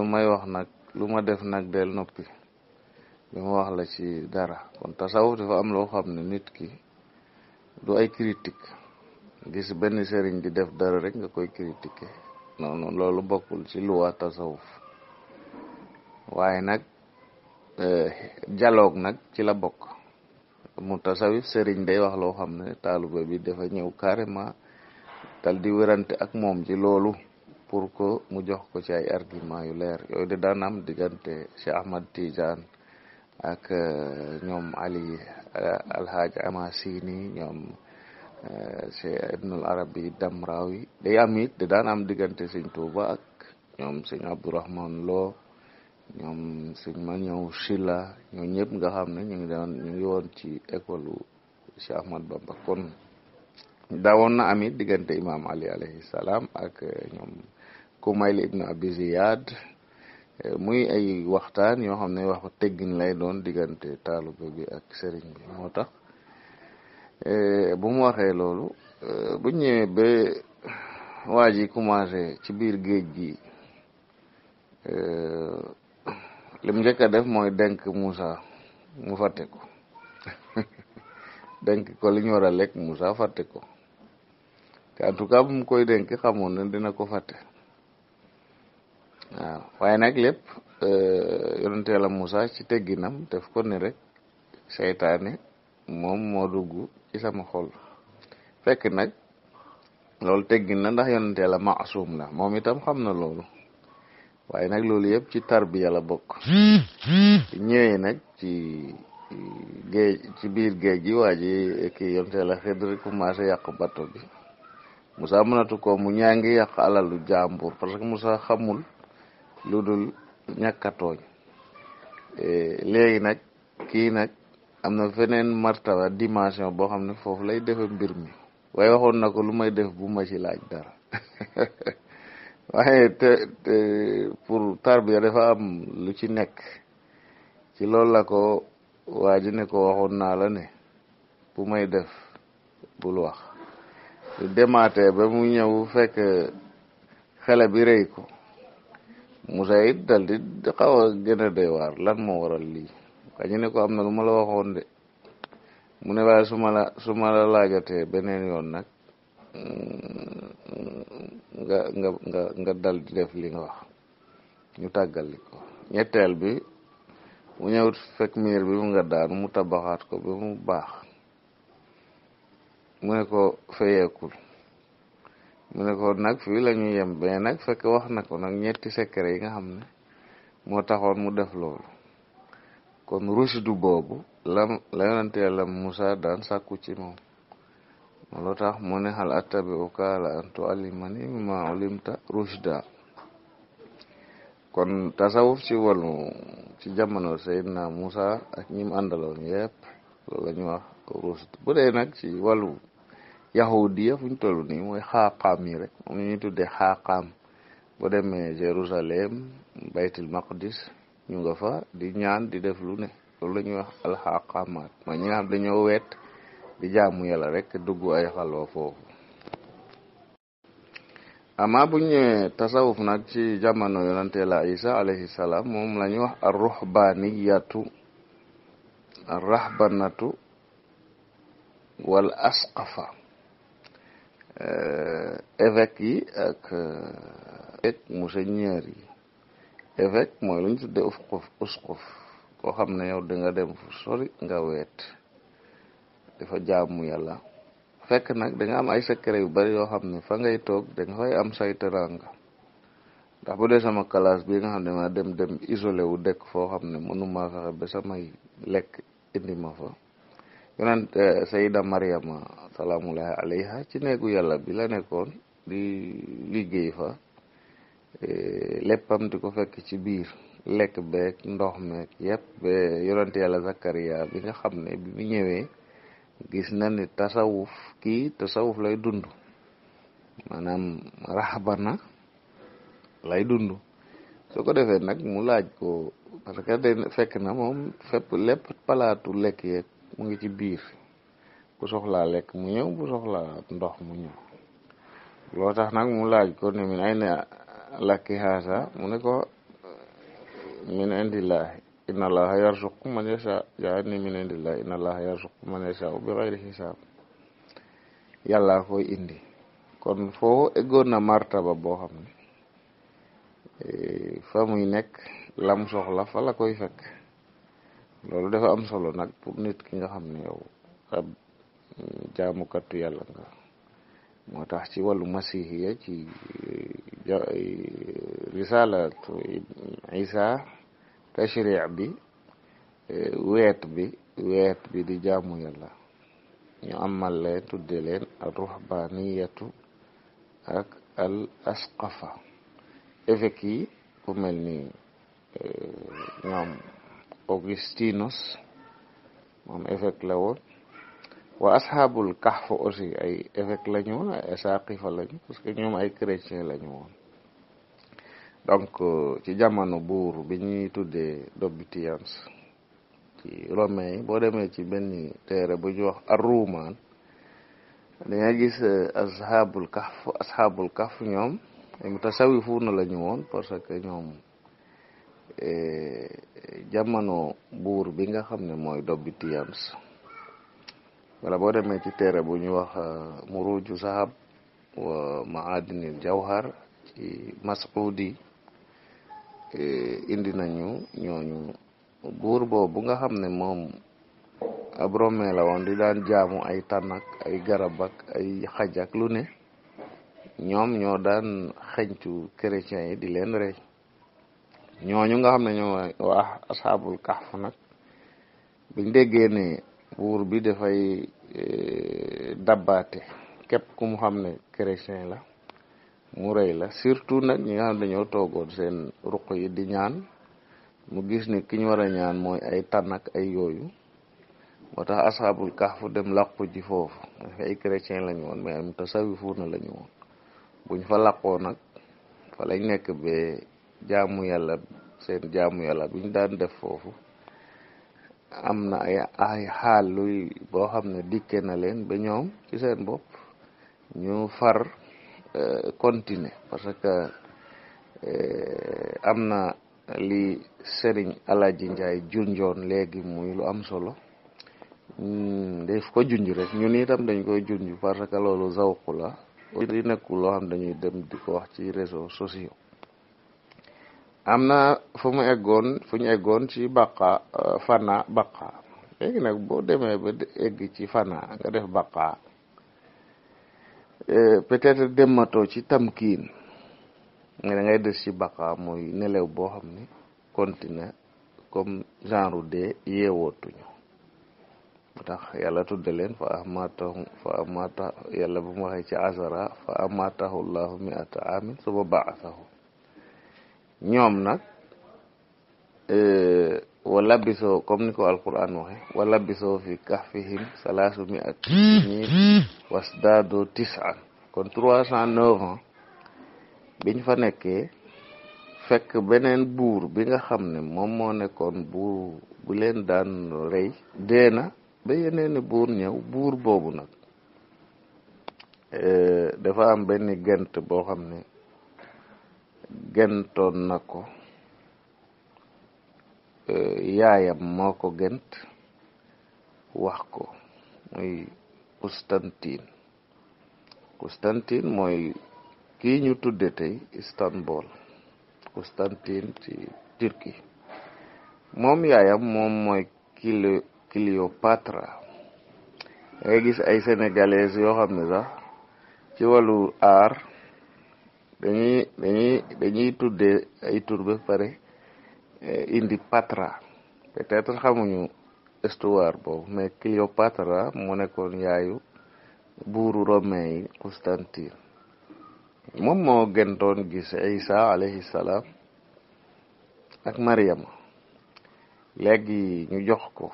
lu may wax nag lu ma def nag del noppi bi wax la dara kon tasawuf dafa am loo xam ne nit ki du ay critique gis benn sëriñ di def dara rek nga koy critiqué non non loolu bokkul ci luwa tasawuf waaye nag eh, dialogue nag ci la bokk mu tasawif sëriñ day wax loo xam ne taaluba bi dafa ñëw carrément dal di wérante ak moom ci loolu pour que mu jox ko ci ay argument yu leer yooyu de daan am diggante Cheikh Ahmad Tidiane ak eh, ñoom Ali eh, Amasini ñoom Eh, Cheikh Ibnul Arabi Damrawi day am it da daan am diggante sëñ Tuuba ak ñoom sëñ Abdourahman Lo ñoom sëñ ma ñëw Chila ñoo ñëpp nga xam ne ñu ngi daan ñu ngi woon ci école Cheikh Ahmad Bamba kon daawoon na amit diggante imam Ali alayhi salaam ak eh, ñoom Kumayl ibn Abi Ziyad eh, muy ay waxtaan yoo xam ne wax teggin lay doon diggante taalube bi ak sëriñ bi moo tax E, bu mu waxee loolu e, bu ñëwee ba waa ji commencé ci biir géej gi e, lim njëkk a def mooy denk Moussa mu fàtte ko denk ko li ñu war a lekk Moussa fàtte ko te en tout cas bu mu koy denk xamoon na dina ko fàtte waaw waaye nag lépp yonanteela Moussa ci tegginam def ko ni rek seytaane moom moo dugg Isa sama xol fekk nag loolu teggin na ndax yonente la maasum la moom itam xam na loolu waaye nag loolu yëpp ci tarbiya la bokk ñëwee nag ci géej ci biir géej gi waa ji kii yonte la xidri commencé yàq bato bi Musa mënatu ko mu ñangi yàq alalu jàmbur parce que Musa xamul lu dul e, léegi nag kii nag am na feneen martaba dimension boo xam ne foofu lay defe mbir mi waaye waxoon na ko lu may def bu ma ci laaj dara waaye te te pour tarbiya dafa am lu ci nekk ci loolu la ko waa ji ne ko waxoon naa la ne bu may def bul wax demaate ba mu ñëw fekk xele bi rey ko Musa it dal di xaw a gën a waar lan moo waral lii ñu ne ko am na lu ma la waxoon de mu ne waaye su ma la su ma la laajatee beneen yoon nag mm, nga nga nga dal di def li nga wax ñu tàggali ko ñetteel bi mu ñëwut fekk miir bi mu nga daanu mu tabaxaat ko ba mu baax mu ne ko feyeekul mu ne ko nag fii la ñu yem mais nag fekk wax na ko nag ñetti secret yi nga xam ne moo taxoon mu def loolu kon rushdu boobu lam la yonante yàlla Musa daan sàkku ci moom loo tax moo ne hal attabi'uka ala an tu'allimani mimma ulimta rushda kon tasawuf ci wàllu ci jamono Seydina Musa ak ñim àndaloon yëpp loolu la rushd bu dee nag ci wàllu yahudiya fu ñu toll nii mooy xaaqaam yi rek moom la ñuy tuddee xaaqaam bu demee Jérusalem baytul maqdis ñu nga fa di ñaan di def lu ne loolu lañuy ñuy wax alxaqamaat ma ñi nga dañoo wet di jaamu yalla rek duggu ay xalwa foofu amma bu ñëwee tasawuf nag ci jamono yonante la isa alayhi salaam moom la wax arruhbaniyatu arrahbanatu wal asqafa euh, évêque yi ak euh, monseigneur évêque mooy lu ñu tuddee usquf usquf koo xam ne yow da dem fu sori nga weet dafa jaamu yàlla fekk nag da am ay secret yu bari yoo xam ne fa ngay toog da nga fay am say teranga ndax bu dee sama classe bi nga xam ne dem dem isolé wu dëkk foo xam ne mënuma fexe ba samay lekk indi ma fa yonent eh, sayida mariama salaamullahi alayha ci néegu yàlla bi la nekkoon di liggéey fa Eh, léppam di ko fekk ci biir lekk beeg ndox meeg yépp ba yonent yàlla Zakariya bi nga xam ne bi mu ñëwee gis na ni tasawuf kii tasawuf lay dund maanaam raxabana lay dund su ko defee nag mu laaj ko parce que day fekk na moom fépp lépp palaatu lekk yeeg mu ngi ci biir bu soxlaa lekk mu ñëw bu soxlaa ndox mu ñëw loo tax nag mu laaj ko ne min ay na Laki haza, mu ko min indillahi inna allaha yarzuqu man yasha eh, ni min indillahi inna allaha yarzuqu man yasha bi ghayri hisab koy indi kon foofu na martaba boo xam ne fa muy nekk lam soxla fa la koy fekk loolu dafa am solo nak pour nit ki nga yow ab nga ci walu masihiya risalatu isa tashri bi e, weet bi weet bi di jaamu yàlla ñu amal leen tudde leen al ruhbaniyatu ak al asqafa évêque yi ku mel ni e, ñoom Augustinus moom évêque la wa asxaabul kahf aussi ay évêque la ñu woon ay saqifa la que ñoom ay chrétien la ñu woon donc euh, ci jamono buur bi ñuy tuddee Domitian ci romain boo demee ci benn téere bu ñu wax Ar-Ruumaan da nga gis euh, asxaabul kahf asxaabul kahf ñoom mutasawifuuna la ñu woon parce que ñoom euh, jamono buur bi nga xam ne mooy Domitian wala boo demee ci téere bu ñuy wax euh, muruju zahab wa maadinil jawhar ci masudi euh, indi nañu ñooñu buur boobu nga xam ne moom ab Romain la woon di daan jaamu ay tanak ay garab ay xaj lu ne ñoom ñoo daan xeñtu chrétiens yi di leen rey ñooñu nga xam ne ñoo waa asxaabul kahf nag biñ déggee ne buur bi dafay eh, dabbaate képp ku mu xam ne chrétien la mu rey la surtout nag ñi nga xam dañoo toogoon seen ruq yi di ñaan mu gis ni ki ñu war a ñaan mooy ay tànn ak ay yooyu moo tax asxaabul kahfu dem làqu ji foofu ay chrétien la ñu woon mais am tasawifuuna la ñu woon buñ fa làqoo nag fa lañ nekk ba jaamu yàlla seen jaamu yàlla bi ñu daan def foofu am na ay ay xaal luy boo xam ne dikke na leen ba ñoom ci seen bopp ñu far euh, continuer parce que euh, am na li sëriñ Alaji Njaay njoon léegi muy lu am solo hmm, def ko junj rek ñun itam dañ koy junj parce que loolu zawqu la di nekkul loo xam dañuy dem di ko wax ci réseaux sociaux am na fu mu egoon fu ñu eggoon ci baqa euh, fana baqa léegi nag boo demee ba egg ci fana nga def baqa euh, peut-être dematoo ci tamkiin nga da ngay des ci baqa mooy nelew boo xam ni continue comme genre de yeewootuñu mu tax yàlla tudde leen fa amatahu fa amata yàlla bu mu waxee ci azara fa amatahu llahu miata amin suba baasahu ñoom nag eh, wala bisoo comme ni ko alquran waxe wala bisoo fi kahfihim salaasu mi ak ñi wasdaado tis'an kon trois cent neuf ans biñ fa nekkee fekk beneen buur bi nga xam ne moom moo nekkoon buur bu leen daan rey dee na ba yeneeni buur ñëw buur boobu nag eh, dafa am benn gent boo xam ne gentoon na ko eh, yaayam moo ko gent wax ko muy Constantine Constantine mooy kii ñu tudde tey Istanbul Constantine ci Turquie moom yaayam moom mooy kilo Cléopatra gis ay sénégalais yoo xam ne sax ci wàllu aar dañuy dañuy tuddee ay tur ba pare eh, indi patra peut xamuñu histoire boobu mais Cléopatra mu nekkoon yaayu buuru romain yi Constantine moom moo gëntoon gis Isa alayhi salaam ak Mariama léegi ñu jox ko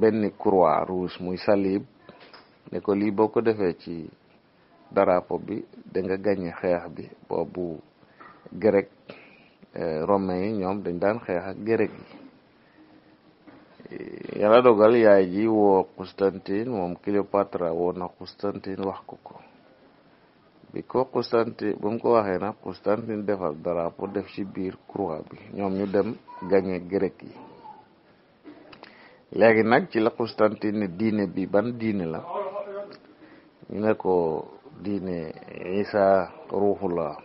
benn croix rouge muy salib ne ko lii boo ko defee ci daraapo bi da nga xeex bi boobu grec eh, romain yi ñoom dañ daan xeex ak grec yi eh, yàlla dogal yaay ji woo Constantine moom Cléopâtre woo Constantine wax ko ko bi ko Constantine bu mu ko waxee nag Constantine defar daraapo def ci biir croix bi ñoom ñu dem gañe grec yi léegi nag ci la Constantine diine bi ban diine la ñu ne ko diine isa ruhullah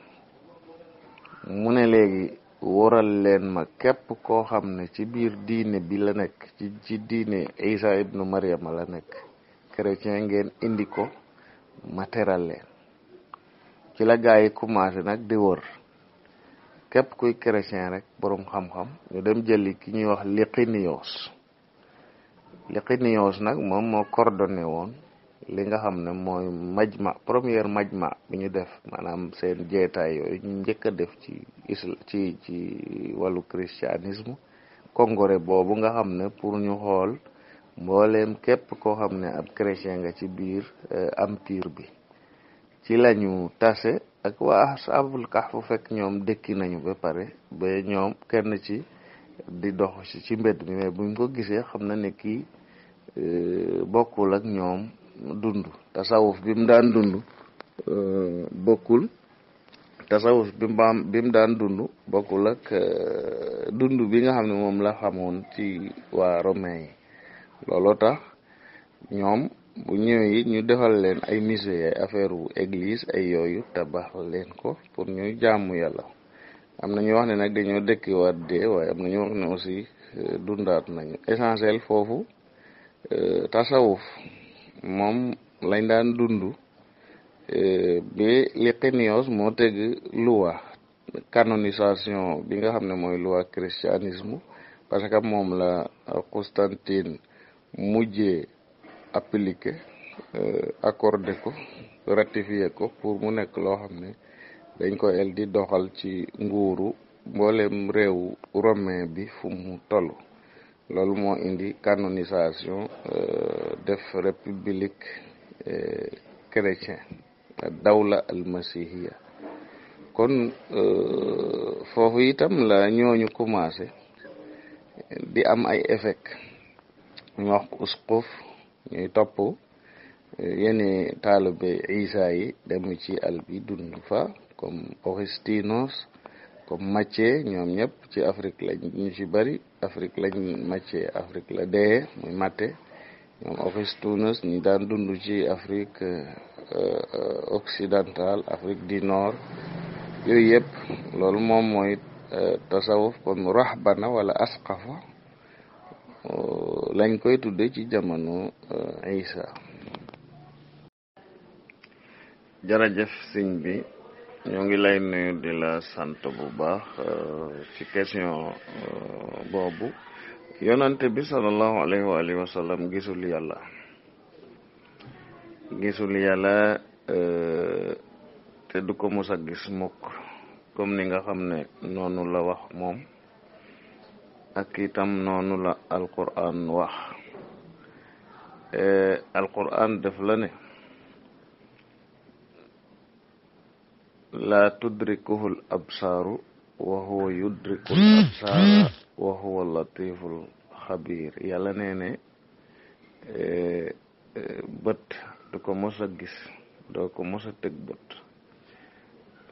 mu ne léegi wóoral leen ma képp koo xam ne ci biir diine bi la nekk ci ci diine isa ibnu mariama la nekk chrétien ngeen indi ko ma teral leen ci la gaa yi commencé nag di wër képp kuy chrétien rek borom xam-xam ñu dem jëli ki ñuy wax liqinios liqinios nag moom moo coordonné woon li nga xam ne mooy majma première majma bi ñu def maanaam seen jeetaay yooyu ñu njëkk a def ci isla ci ci wàllu christianisme kongore boobu nga xam ne pour ñu xool mbooleem képp koo xam ne ab chrétien nga ci biir empire eh, bi ci lañu tase ak waa ashabul kahfu fekk ñoom dëkki nañu ba pare ba ñoom kenn ci di dox ci ci mbedd mi mais buñ ko gisee xam na ne kii eh, bokkul ak ñoom dund tasawuf bi daan dund euh, bokkul tasawuf bi daan dund bokkul ak euh, dund bi nga xam ne moom la xamoon ci waa romain yi looloo tax ñoom bu ñëwee ñu defal leen ay musée ay affaire wu église ay yooyu tabax leen ko pour ñuy jaamu yàlla am na ñu wax ne nag dañoo dëkkiwaat de waaye am na ñu wax ne aussi euh, dundaat nañu essentiel foofu tasawuf moom lañ daan dund eh, bi Licinius moo tëgg loi canonisation bi nga xam ne mooy loi christianisme parce que moom la Constantine mujje appliqué eh, accordé ko ratifié ko pour mu nekk loo xam ne dañ ko el di doxal ci nguuru mbooleem réew romain bi fu mu toll loolu moo indi canonisation euh, def république euh, chrétien dawla al masihiya kon euh, foofu itam la ñooñu commencé di am ay évêque ñu wax usquf ñuy topp yene taalibe Isa yi dem ci al bi dund fa comme Oristinos comme matière ñom ñep ci afrique lañ ñu ci bari afrique lañ afrique la dee muy maté office ophistunas ñi daan dund ci afrique euh, occidentale afrique du nord yoy yep lool mom moy euh, tasawuf kon rahbana wala asqafa euh, lañ koy tuddé ci jamono isa jarajef sëñ bi ñu ngi lay nuyu di la sant bu eh, eh, baax ci question boobu yonante ya, bi sallallahu alayhi wa alihi wa sallam gisul yàlla gisul yàlla eh, te du ko mos a gis mukk comme ni nga xam ne noonu la wax moom ak itam noonu la alquran wax alquran def la ne la tudrikuhu labsaru wa huwa yudriku labsara hmm. hmm. wa huwa latiful habir yàlla nee ne e, e, bët du ko mos a gis doo ko mos a teg bët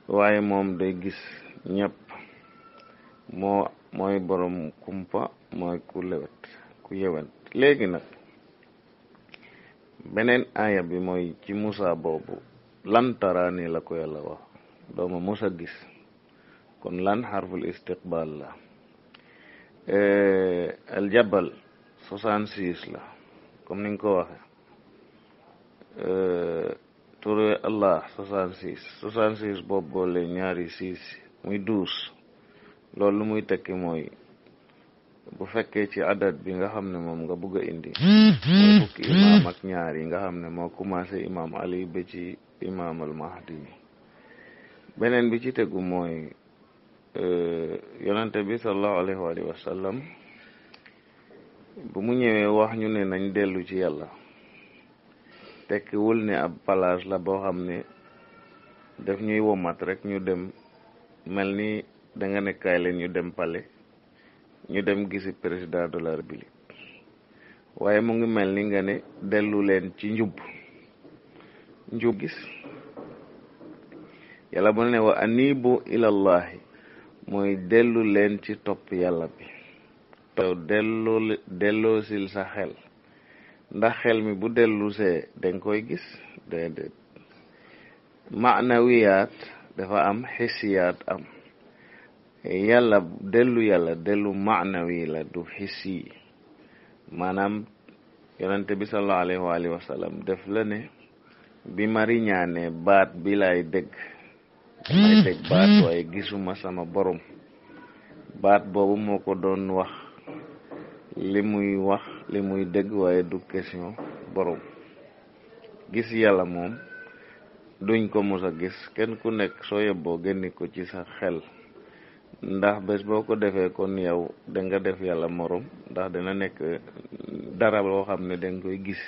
waaye moom day gis ñëpp moo mooy borom kumpa mooy ku lewet ku yewent léegi nag beneen aaya bi mooy ci musa boobu lan tara nii la ko yàlla wax doo ma mos a gis kon lan xarful istiqbal la eh, aljabal soixante six la comme ni nga ko waxe eh, ture allah soixante six soixante six boobu boole ñaari siis muy douze loolu muy tekki mooy bu fekkee ci adat bi nga xam ne moom nga bugg a indi mooy imaam ak ñaar yi nga xam ne moo commencé imaam ali ba ci imaam al mahdi beneen bi ci tegu mooy euh, yonente bi sallallahu alayhi wa bu mu ñëwee wax ñu ne nañ dellu ci yàlla tekkiwul ne ab palaas la boo xam ne daf ñuy womat rek ñu dem mel ni danga nga nekkaay leen ñu dem pale ñu dem gisi président de la république waaye mu ngi mel ni nga ne dellu leen ci njub njub gis yàlla mu ne wa anibu ilallahi mooy dellu leen ci topp yàlla bi yow delloosil sa xel ndax xel mi bu dellusee danga koy gis déedéet maanawiyaat dafa am xisiyaat am yàlla dellu yàlla dellu maanawi la du xisi maanaam yonente bi sallallahu alayhi wa alihi def la bi ma riñaane baat bi lay dégg may teg mm. baat mm. waaye gisuma sama boroom baat boobu moo ko doon wax li muy wax li muy dëgg waaye du question borom gis yàlla moom duñ ko mos a gis kenn ku nekk soo yebboo génni ko ci sa xel ndax bés boo ko defee kon yow da nga def yàlla moroom ndax dina nekk dara loo xam ne danga koy gis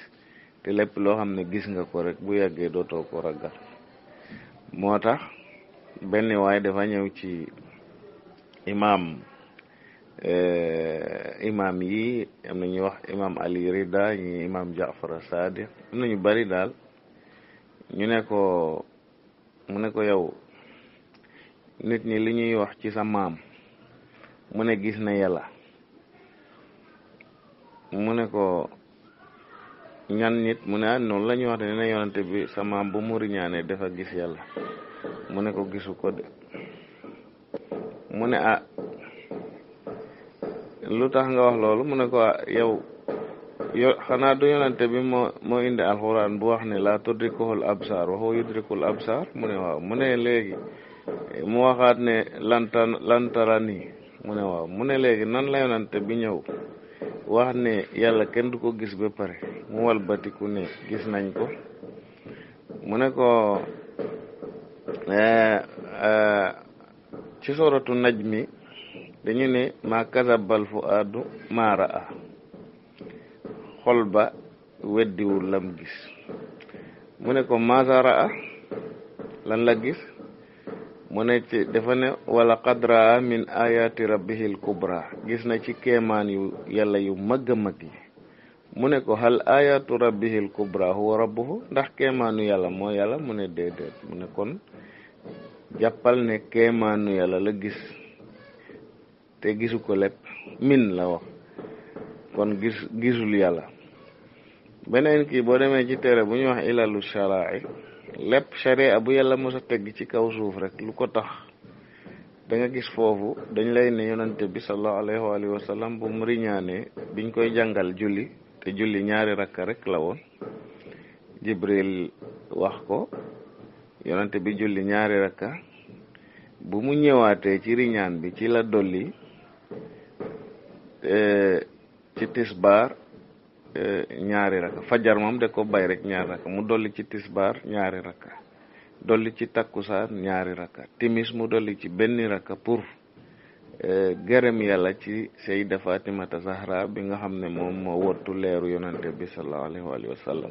te lépp loo xam ne gis nga ko rek bu yàggee dootoo ko ragal moo tax benn waaye dafa ñëw ci imaam eh, imaam yi am nañuy wax imaam ali rida ñi imaam jaafar sadiq am ñu bari daal ñu ne ko mu ne ko yow nit ñi li ñuy wax ci sa maam mu ne gis na yàlla mu ne ko ñan nit mu ne ah noonu la ñuy wax ne ne yonante bi sa maam bu mu riñaane dafa gis yàlla mu ne ko gisu ko de mu ne ah lu tax nga wax loolu mu ne ko ah, yow yo xanaa du yonante bi moo moo indi alxuraan bu wax ne laa tudrikuhul absaar waxu yudrikul absaar mu ne waaw mu ne léegi mu waxaat ne lanta lantarani mu ne waaw mu ne léegi nan la yonante bi ñëw wax ne yàlla kenn du ko gis ba pare mu walbatiku ne gis nañ ko mu ne ko Eh, ci soratu mi dañu ne ma kasabal fuaadu maa raa xol ba weddiwul lam gis mu ne ko maasa raa lan la gis mu ne ci dafa ne walla qad min ayati rabbihil kubra gis na ci keemaan yu yàlla yu mag a mag yi mu ne ko hal ayatu rabbihil kubra huwa rabbuhu ndax kemaanu yàlla moo yàlla mu ne déedéet mu ne kon jàppal ne kéemaanu yàlla la gis te gisu ko lépp min la wax kon gis gisul yàlla beneen kii boo demee ci tere bu ñuy wax ilalu shara'i lépp sharia bu yàlla mosa a tegg ci kaw suuf rek lu ko tax danga gis foofu dañ lay ne yonante bi sallallahu alayhi wa alihi wa bu mu riñaanee biñ koy jàngal julli te julli ñaari rakka rek la woon jibril wax ko yonante bi julli ñaari rakka bu mu ñëwaatee ci riñaan bi ci la dolli e, ci tisbaar e, ñaari rakka fajar moom de ko bay rek ñaari rakka mu dolli ci tisbaar ñaari rakka dolli ci takkusaan ñaari rakka timis mu dolli ci benn rakka pour e, gërëm yàlla ci Sayida Fatimata Zahra bi nga xam ne moom moo wottu leeru yonante bi sallallahu alayhi wa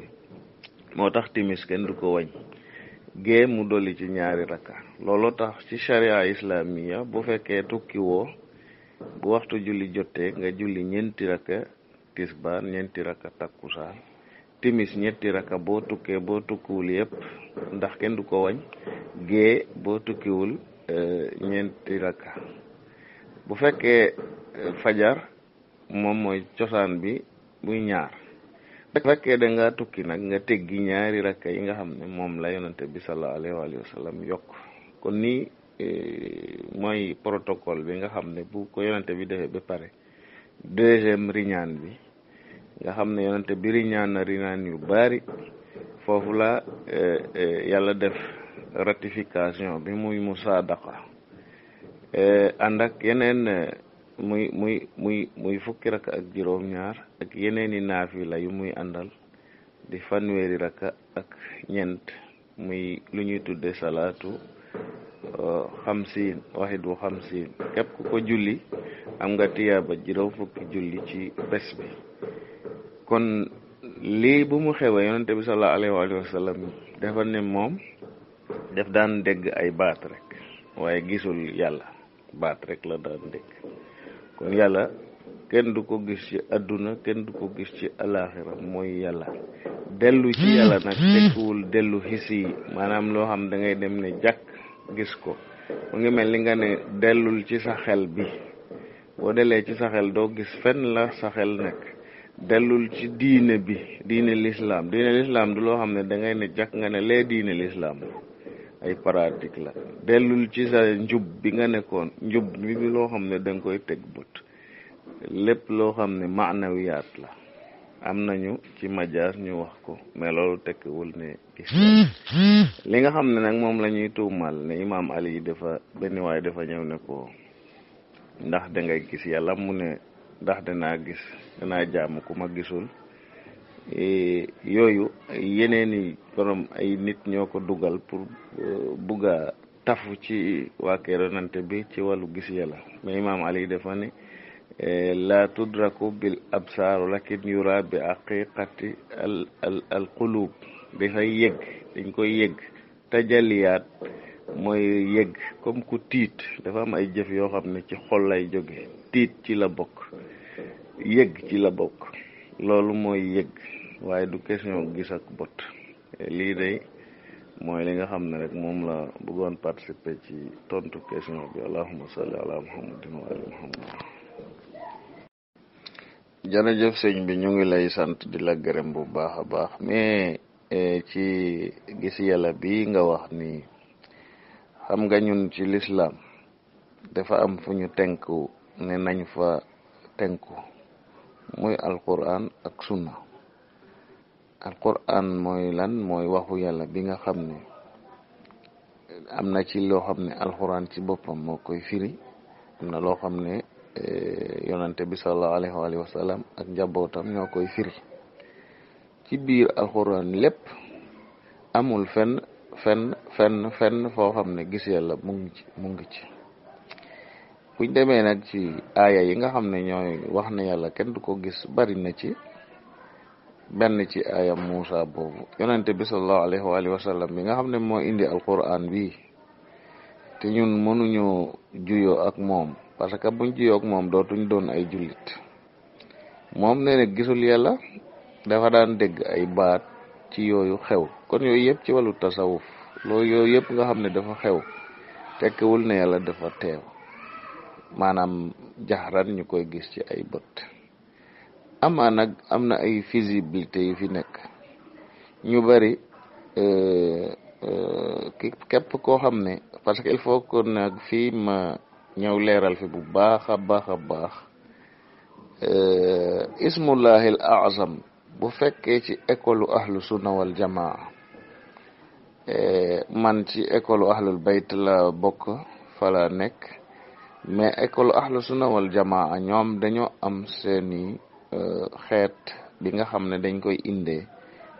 moo tax timis kenn du ko wañ gée mu dolli ci ñaari rakka loolu tax ci sharia islamiya bu fekkee tukki woo bu waxtu julli jotee nga julli ñeenti rakka tisbaan ñeenti rakka takkusaan timis ñetti rakka boo tukkiwul yëpp ndax kenn du ko wañ gée boo tukkiwul euh, ñeenti rakka bu fekkee euh, fajar moom mooy cosaan bi muy ñaar fekkee da nga tukki nag nga teggi ñaari rakka yi nga xam ne moom la yonante bi sallallahu alayhi wa sallam yokk kon nii e, mooy protocole bi nga xam ne bu ko yonante bi defee ba pare deuxième riñaan bi nga xam ne yonante bi riñaan na riñaan yu bari foofu la e, e, yàlla def ratification bi muy musaadaqa ànd ak yeneen muy muy muy muy fukki rakk ak juróom-ñaar ak yeneeni naafila yu muy àndal di fanweeri rakk ak ñeent muy lu ñuy tudde salaatu uh, xamsiin waxit bu xamsiin képp ku ko julli am nga tiyaaba juróom fukki julli ci bés bi kon lii bu mu xewee yonente bi sallallahu alayhi wa sallam ne moom def daan dégg ay baat rek waaye gisul yàlla baat rek la daan dégg kon yàlla kenn du ko gis ci àdduna kenn du ko gis ci alaaxira mooy yàlla dellu ci yàlla nag tekkiwul dellu xis maanaam loo xam da ngay dem ne jàkk gis ko mu ngi mel ni nga ne dellul ci sa xel bi boo delee ci sa xel doo gis fenn la sa xel nekk dellul ci diine bi diine lislaam diine lislaam du loo xam ne da ngay ne jàkk nga ne lee diine lislaam ay pratique la dellul ci sa njub bi nga nekkoon njub bi loo xam ne danga koy teg bët lépp loo xam ne maanawiyaat la am nañu ci majaas ñu wax ko mais loolu tekkiwul ne hmm, hmm. li nga xam ne nag moom la ñuy tuumal ne imaam Ali dafa benn waaye dafa ñëw ne ko ndax dangay gis yàlla mu ne ndax danaa gis danaa jaamu ku ma gisul eh, yooyu yeneeni borom ay nit ñoo ko dugal pour euh, bugg tafu ci waa kër bi ci wàllu gis yàlla mais imaam ali dafa ne eh, laa tudraku bil absaaru lakin yura bi aqiqati al al al qulub dafay yëgg dañ koy yëgg tajaliyaat mooy yëgg comme ku tiit dafa am ay jëf yoo xam ne ci xol lay jóge tiit ci la bokk yëgg ci la bokk loolu mooy yëgg waaye du question gis ak bot li day moy li nga xamne rek mom la bëggoon participer ci tontu question bi allahumma salli ala muhammadin wa ala muhammad jëf señ bi ñu ngi lay sant di la gërëm bu baaxa baax mais eh, ci gis yalla bi nga wax ni xam nga ñun ci l'islam dafa am fu ñu tenku ne nañ fa tenku muy alquran ak sunnah alquran mooy lan mooy waxu yàlla bi nga xam ne am na ci loo xam ne alquran ci boppam moo koy firi am na loo xam ne e, yonante bi sallallahu alayhi wa sallam ak njabootam ñoo koy firi ci biir alquran lépp amul fenn fenn fenn fenn foo xam ne gis yàlla mu ngi ci mu ngi ci buñ demee ci aaya yi nga xam ne ñooy wax ne yàlla kenn du ko gis bari na ci benn ci ayam Muusa boobu yonante bi sallallahu alayhi wa alihi wa sallam bi nga xam ne moo indi alquran bi te ñun mënuñoo juyoo ak moom parce que buñ juyoo ak moom dootuñ doon ay julit moom nee na gisul yàlla dafa daan dégg ay baat ci yooyu xew kon yooyu yëpp ci wàllu tasawuf loolu yooyu yëpp nga xam ne dafa xew tekkiwul ne yàlla dafa teew maanaam jaxran ñu koy gis ci ay bët amaa nag am na ay visibilité yu fi nekk ñu bëri euh, euh, képp koo xam ne parce que il faut que nag fii ma ñëw leeral fi bu baax a baax a baax euh, ismullahil azam bu fekkee ci école ahlu sunna wal jamaa man ci école ahlul bayt la bokk fa la nekk mais école ahlu sunna wal jamaa ñoom dañoo am seeni xeet bi nga xam ne dañ koy indee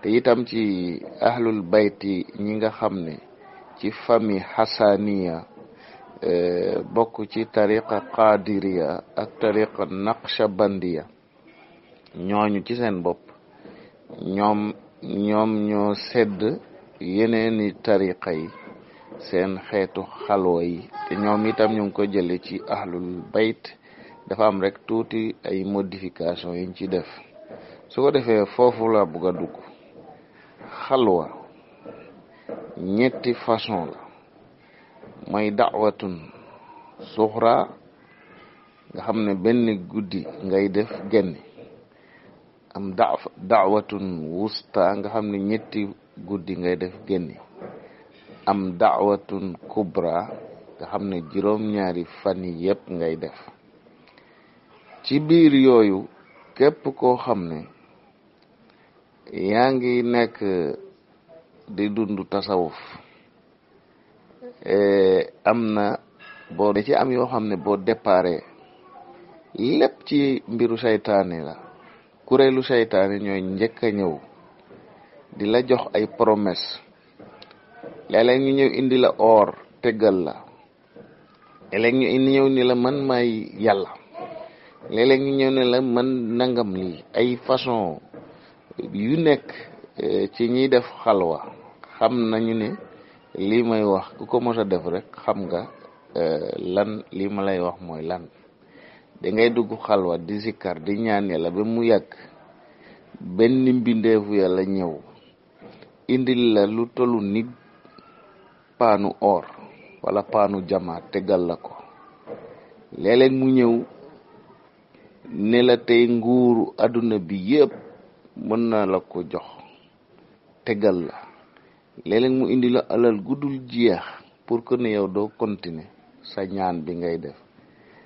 te itam ci ahlul yi ñi nga xam ne ci famille hasaniya e, bokk ci tariqa qadiriya ak tariqa naqshabandiya ñooñu ci seen bopp ñoom ñoo sedd yeneeni tariqa yi seen xeetu xaloo yi te ñoom itam ñu ngi ko jële ci ahlul bayt dafa am rekk tuuti ay modification yuñ ci def su ko defee foofu la bugg a dugg xalwa ñetti façon la mooy dawatun suxra nga xam ne benn guddi ngay def genn am da dawatun wusta nga xam ne ñetti guddi ngay def genn am dawatun kubra nga xam ne juróom-ñaari fan yi yëpp ngay def ci biir yooyu képp koo xam ne yaa ngi nekk di dund tasawuf eh, am na boo ne ci am yoo xam ne boo déparé lépp ci mbiru saytaane la kuréelu saytaane ñooy njëkk a ñëw di la jox ay promesse léeg-léeg ñu ñëw indi la or teggal la léeg-léeg ñu indi ñëw ni la man maay yàlla léeg-léeg ñu ñëw ne la man nangam lii ay façon yu nekk eh, ci ñiy def xalwa xam nañu ne lii may wax ku ko mos a def rek xam nga eh, lan lii ma lay wax mooy lan dangay dugg xalwa di sikkar di ñaan yàlla ba mu yàgg benn mbindeefu yàlla ñëw indil la lu tollu nit paanu or wala paanu jama tegal la ko léeg mu ñëw ne la tey nguuru àdduna bi yëpp mën naa la ko jox tegal la léeg mu indi la alal guddul jeex pour que ne yow doo continuer sa ñaan bi ngay def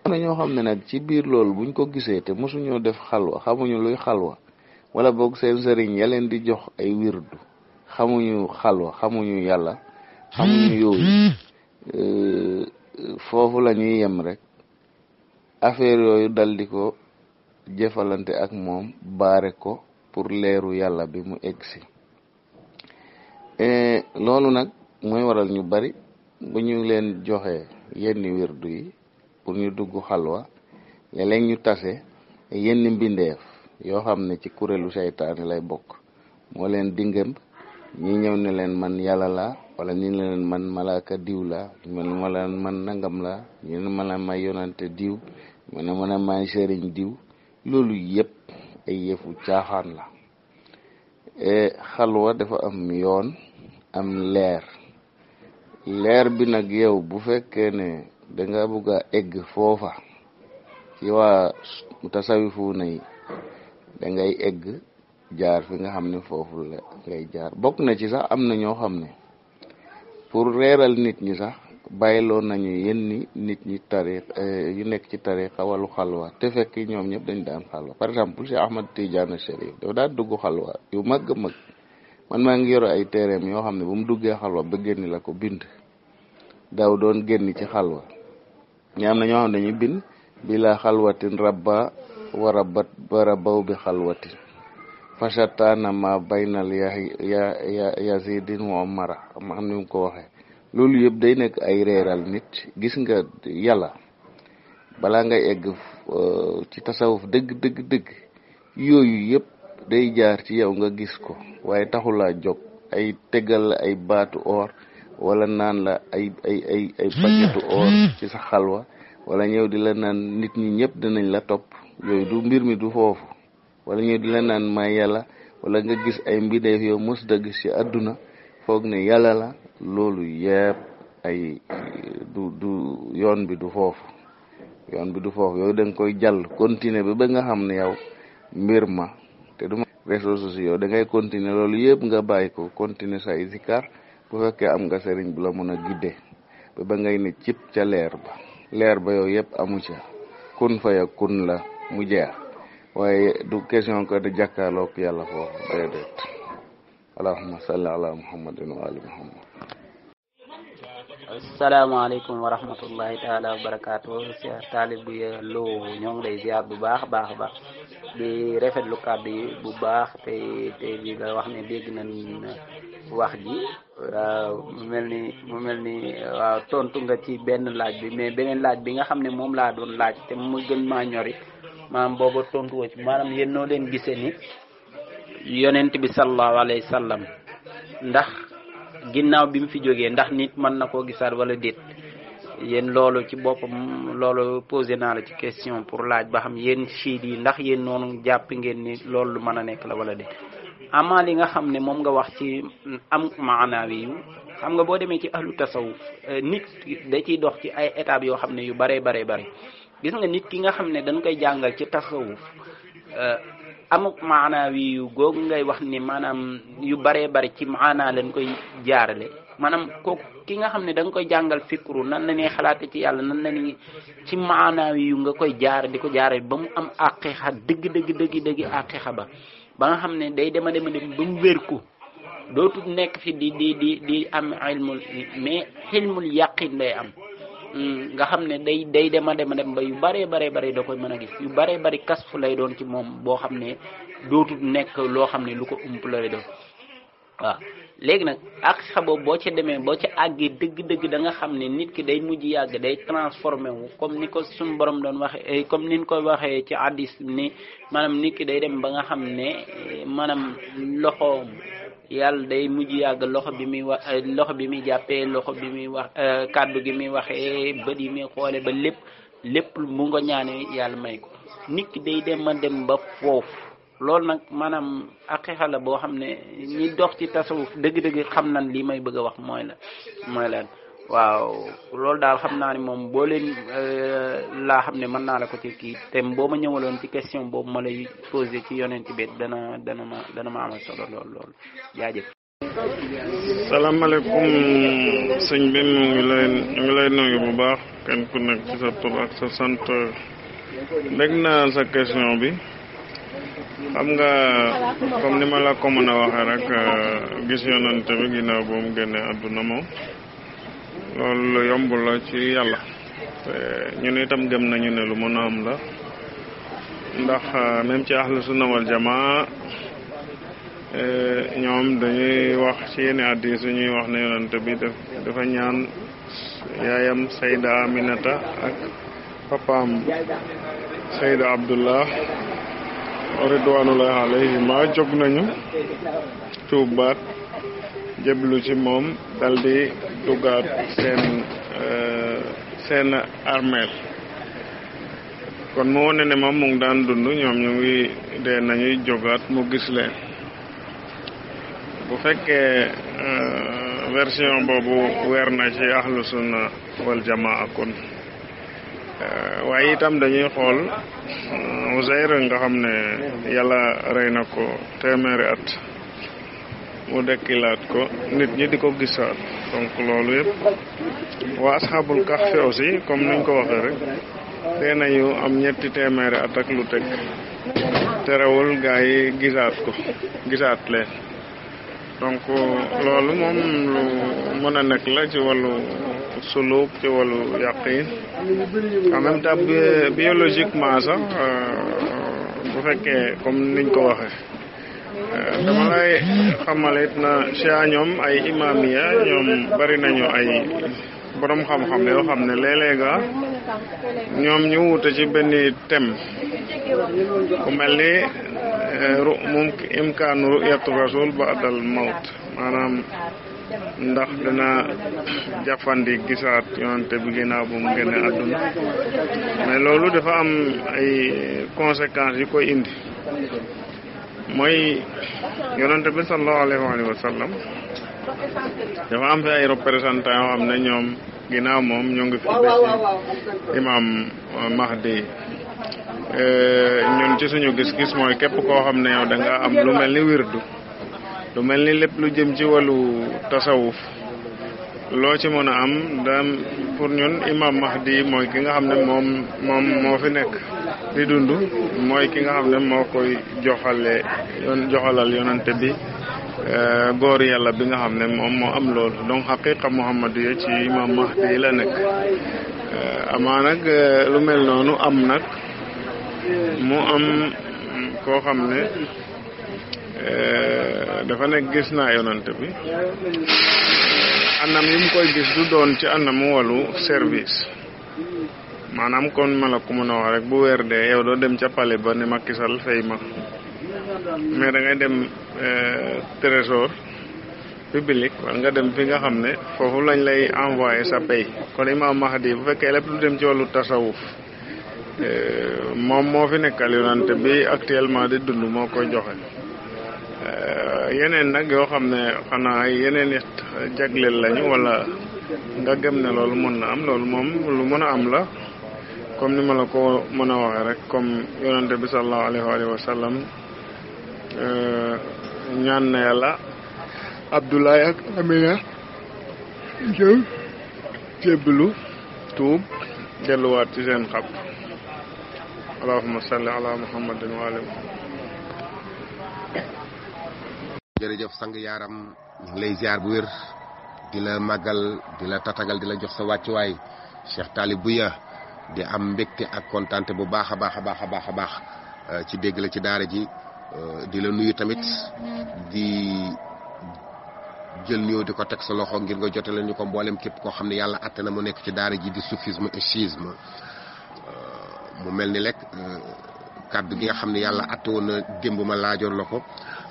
am na ñoo xam ne nag ci biir loolu buñ ko gisee te mosuñoo def xalwa xamuñu luy xalwa wala boog seen sëriñ ya di jox ay wirdu xamuñu xalwa xamuñu yàlla xamuñu yooyu foofu la ñuy yem rek affaire yooyu dal ko jëfalante ak moom baare ko pour leeru yàlla bi mu egg si e, loolu nag mooy waral ñu bari bu ñu leen joxe yenn wirdu yi pour ñu dugg xalwa léeg-léeg ñu tase yenn mbindeef yoo xam ne ci kuréelu seytaane lay bokk moo leen dingam ñi ñëw ne leen man yàlla la wala ñi ne leen man malaaka diw la ñu ne leen man nangam la ñu ne ma leen may yonante diw ñu ne ma leen may sëriñ diw loolu yëpp ay yëfu caaxaan la e, xalwa dafa am yoon am leer leer bi nag yow bu fekkee ne danga nga bëgg a egg foofa ci waa tasawifu nay da egg jaar fi nga xam ne foofu la ngay jaar bokk na ci sax am na ñoo xam ne pour reeral nit ñi sax bàyyiloon nañu yenn nit ñi tariq eh, yu nekk ci tariqa wàllu xalwa te fekk ñoom ñëpp dañ daan xalwa par exemple Cheikh Ahmad Tidiane Chérif dafa daan dugg xalwa yu mag mag man maa ngi yore ay téereem yoo xam ne bu mu duggee xalwa ba génn la ko bind daaw doon génn ci xalwa ñi am na ñoo xam ne dañuy bind bi laa xalwatin rabba wa rabbat wa rabbaw bi xalwatin fashatana ma baynal ya ya yazidin wa mara ma xam ni mu ko waxee loolu yëpp day nekk ay reeral nit gis nga yàlla bala ngay egg euh, ci tasawuf dëgg dëgg dëgg yooyu yëpp day jaar ci yow nga gis ko waaye taxu taxulaa jóg ay tegal la ay baatu or walla naan la ay ay ay ay paquetu or ci sa xalwa wala ñëw di la naan nit ñi ñëpp dinañ la topp yooyu du mbir mi du foofu wala ñëw di la naan ma yàlla wala nga gis ay mbideef yow mos dëgg gis ci àdduna foog ne yàlla la loolu yeb ay du du yoon bi du foofu yoon bi du foofu yooyu da nga koy jàll continuer ba ba nga xam ne yow mbir ma te du ma réseaux sociaux da ngay continuer loolu yépp nga bàyyi ko continuer sa isikar bu fekkee am nga sëriñ bu la mën a guider ba ba ngay ne cip ca leer ba leer ba yow yépp amu ca kun fa ya kun la mu jeex waaye du question ko de jàkkaarloog yàlla foofu déedéet allahumma salli ala muhammadin wa ali muhammad salaamaaleykum wa rahmatullahi taala wa barakaatu Cheikh bu Lo ñoo ngi lay ziar bu baax baax baax di rafetlu kàddu yi bu baax te te di wax ne dégg nañ wax ji waaw mu mel ni mu mel ni tontu nga ci benn laaj bi mais beneen laaj bi nga xam ne moom laa doon laaj te mu gën maa ñori maanaam booba tontu woo ci maanaam yéen noo leen gisee ni yonent bi sallallahu alayhi wa ndax ginnaaw bi mu fi jógee ndax nit mën na koo gisaat wala déet yéen loolu ci boppam loolu posé naa la ci question pour laaj ba xam yéen chiit yi ndax yéen noonu jàpp ngeen nit loolu lu mën a nekk la wala déet amaa li nga xam ne moom nga wax ci am maanaawi yu xam nga boo demee ci ahlu tasawuf euh, nit da ciy dox ci ay étapes yoo xam ne yu baree baree bare gis nga nit ki nga xam ne dañ koy jàngal ci tasawuf euh, amuk maanaawi yu googu ngay wax ni maanaam yu baree bari ci maanaa leen koy jaarale maanaam kooku ki nga xam ne da nga koy jàngal fikru nan la ñuy xalaate ci yàlla nan na ñuy ci maanaawi yu nga koy jaare di ko jaare ba mu am aqiqa dëgg dëgg dëgg dëgg ba ba nga xam ne day dema dema dem ba mu wér ko dootul nekk fi di di di di am ilmul mais ilmul yaqin day am Mm, nga xam ne day day dem a dem dem ba yu bëree bare bëri da koy mën a gis yu bëree bëri kas fu lay doon ci moom boo xam ne dootul nekk loo xam ne lu ko ump lay doon waaw léegi nag ak xabo boo ca demee boo ca àggee dëgg-dëgg da nga xam ne nit ki day mujj yàgg day transformé wu comme ni ko suñu borom doon waxee eh, comme ni koy waxee ci addis ni maanaam nit ki day dem ba nga xam ne eh, maanaam loxoom yàlla day mujj yàgg loxo bi muy wax eh, loxo bi muy jàppee loxo bi muy wax eh, kàddu gi muy waxee bët yi muy xoole ba lépp lépp mu ngo ñaanee yàlla may ko nit ki day dem ma dem ba foofu loolu nag maanaam aqiqa la boo xam ne ñi dox ci tasawuf dëgg-dëgg xam nan li may bëgg a wax mooy la mooy lan waaw loolu daal xam naa ne moom boo leen euh, laa xam ne mën naa la ko ci kii te boo ma ñëwaloon ci question boobu ma lay posé ci yonent bi dana dana ma dana ma amal solo lool lool jaajëf. salaamaaleykum sëñ bi ñu ngi lay ñu nuyu bu baax kenn ku nekk ci sa tur sa sant dégg naa sa question bi. xam nga comme ni ma la ko mën a waxee rek euh, gis yonante bi ginnaaw boobu génne àdduna moom loolu lu la ci yàlla te ñun itam gëm nañu ne lu mën a am la ndax euh, même ci ahlu su nawal jamaa euh, ñoom dañuy wax ci yenn hadiis ñuy wax ne yonent bi dafa ñaan yaayam sayda aminata ak papaam sayda abdullah ridwanullahi alayhima jóg nañu tuubaat jëblu ci mom daldi di sen euh sen armeel kon mo wone ne moom mu ngi daan dund ñom ñu ngi dee nañuy jógaat mu gis leen bu euh version bobu weer ci ahlus sunna wal jamaa kon eh, waye itam dañuy xol euh nga xam ne yàlla ko téeméeri at mu dekkilaat ko nit ñi di ko gisaat donc loolu yëpp waa asxaabul kahfi aussi comme niñ ko waxee rek tee nañu am ñetti téeméeri at ak lu teg terewul gaa yi gisaat ko gisaat leen donc loolu moom lu mën a nekk la ci wàllu suluk ci wallu yàqin en même temps biologiquement sax euh, bu fekkee comme niñ ko waxee dama lay xamalit na Chia ñoom ay imaam ya ñoom bari nañu ay borom xam-xam yoo xam ne léeg ah, ñoom ñu wuute ci benn thème ku mel ni eh, ru mum imkaanu ru'yatu rasul ba adal mawt maanaam ndax dana jàppandi gisaat yonante bi ginnaaw bu mu génne àdduna mais loolu dafa am ay conséquences yi koy indi mooy yonente bi sallallahu alayhi wa sallam dafa am fi ay représentants yoo xam ne ñoom ginnaaw moom ñoo ngi fi bési imam euh, Mahdi euh, ñun ci suñu gis-gis mooy képp koo xam ne yow da am lu mel ni wirdu lu mel ni lépp lu jëm ci wàllu tasawuf loo ci mën a am dam pour ñun imam Mahdi mooy ki nga xam ne moom moom moo fi nekk di dund mooy ki nga xam ne moo koy joxale yoon joxalal yonante bi eh, góor yàlla bi nga xam ne moom moo am loolu donc xaqiqa muhammadiya ci imam Mahdi la nekk eh, amaa nag eh, lu mel noonu am nag mu am koo xam ne dafa nekk gis naa yonante bi anam yi mu koy gis du doon ci mu wàllu service maanaam kon ma la ko mën a wax rek bu weer dee yow doo dem ca pale ba ne Macky Sall ma mais dangay ngay dem euh, trésor public wala nga dem fi nga xam ne foofu lañ lay envoyé sa pay kon Imam Mahdi bu fekkee lépp lu dem ci wàllu tasawuf euh, moom moo fi nekkal yonante bi actuellement di dund moo koy joxe Euh, yeneen nag yoo xam ne xanaa yeneen it jagleel lañu wala nga gëm ne loolu mën na am loolu moom lu mën a am la comme ni ma la ko mën a waxee rek comme yonante bi sallallahu alayhi wa sallam euh, ñaan na yàlla Abdoulaye ak Amina jëw jébbalu tuub delluwaat ci seen xab allahumma salli ala muhammadin wa jërëjëf sang yaaram lay ziar bu wér di la màggal di la tatagal di la jox sa wàccuwaay Cheikh bu ya di am mbégte ak kontante bu baax a baax a baax a baax a baax euh, ci dégg la ci daara ji euh, di la nuyu tamit di jël nuyoo di ko teg sa loxo ngir nga jotale ñu ko mboolem képp koo xam ne yàlla atte na mu nekk ci daara ji di soufisme et schisme euh, mu mel ni lekk kàddu nga xam ne yàlla atte woon na démb ma laajoon la ko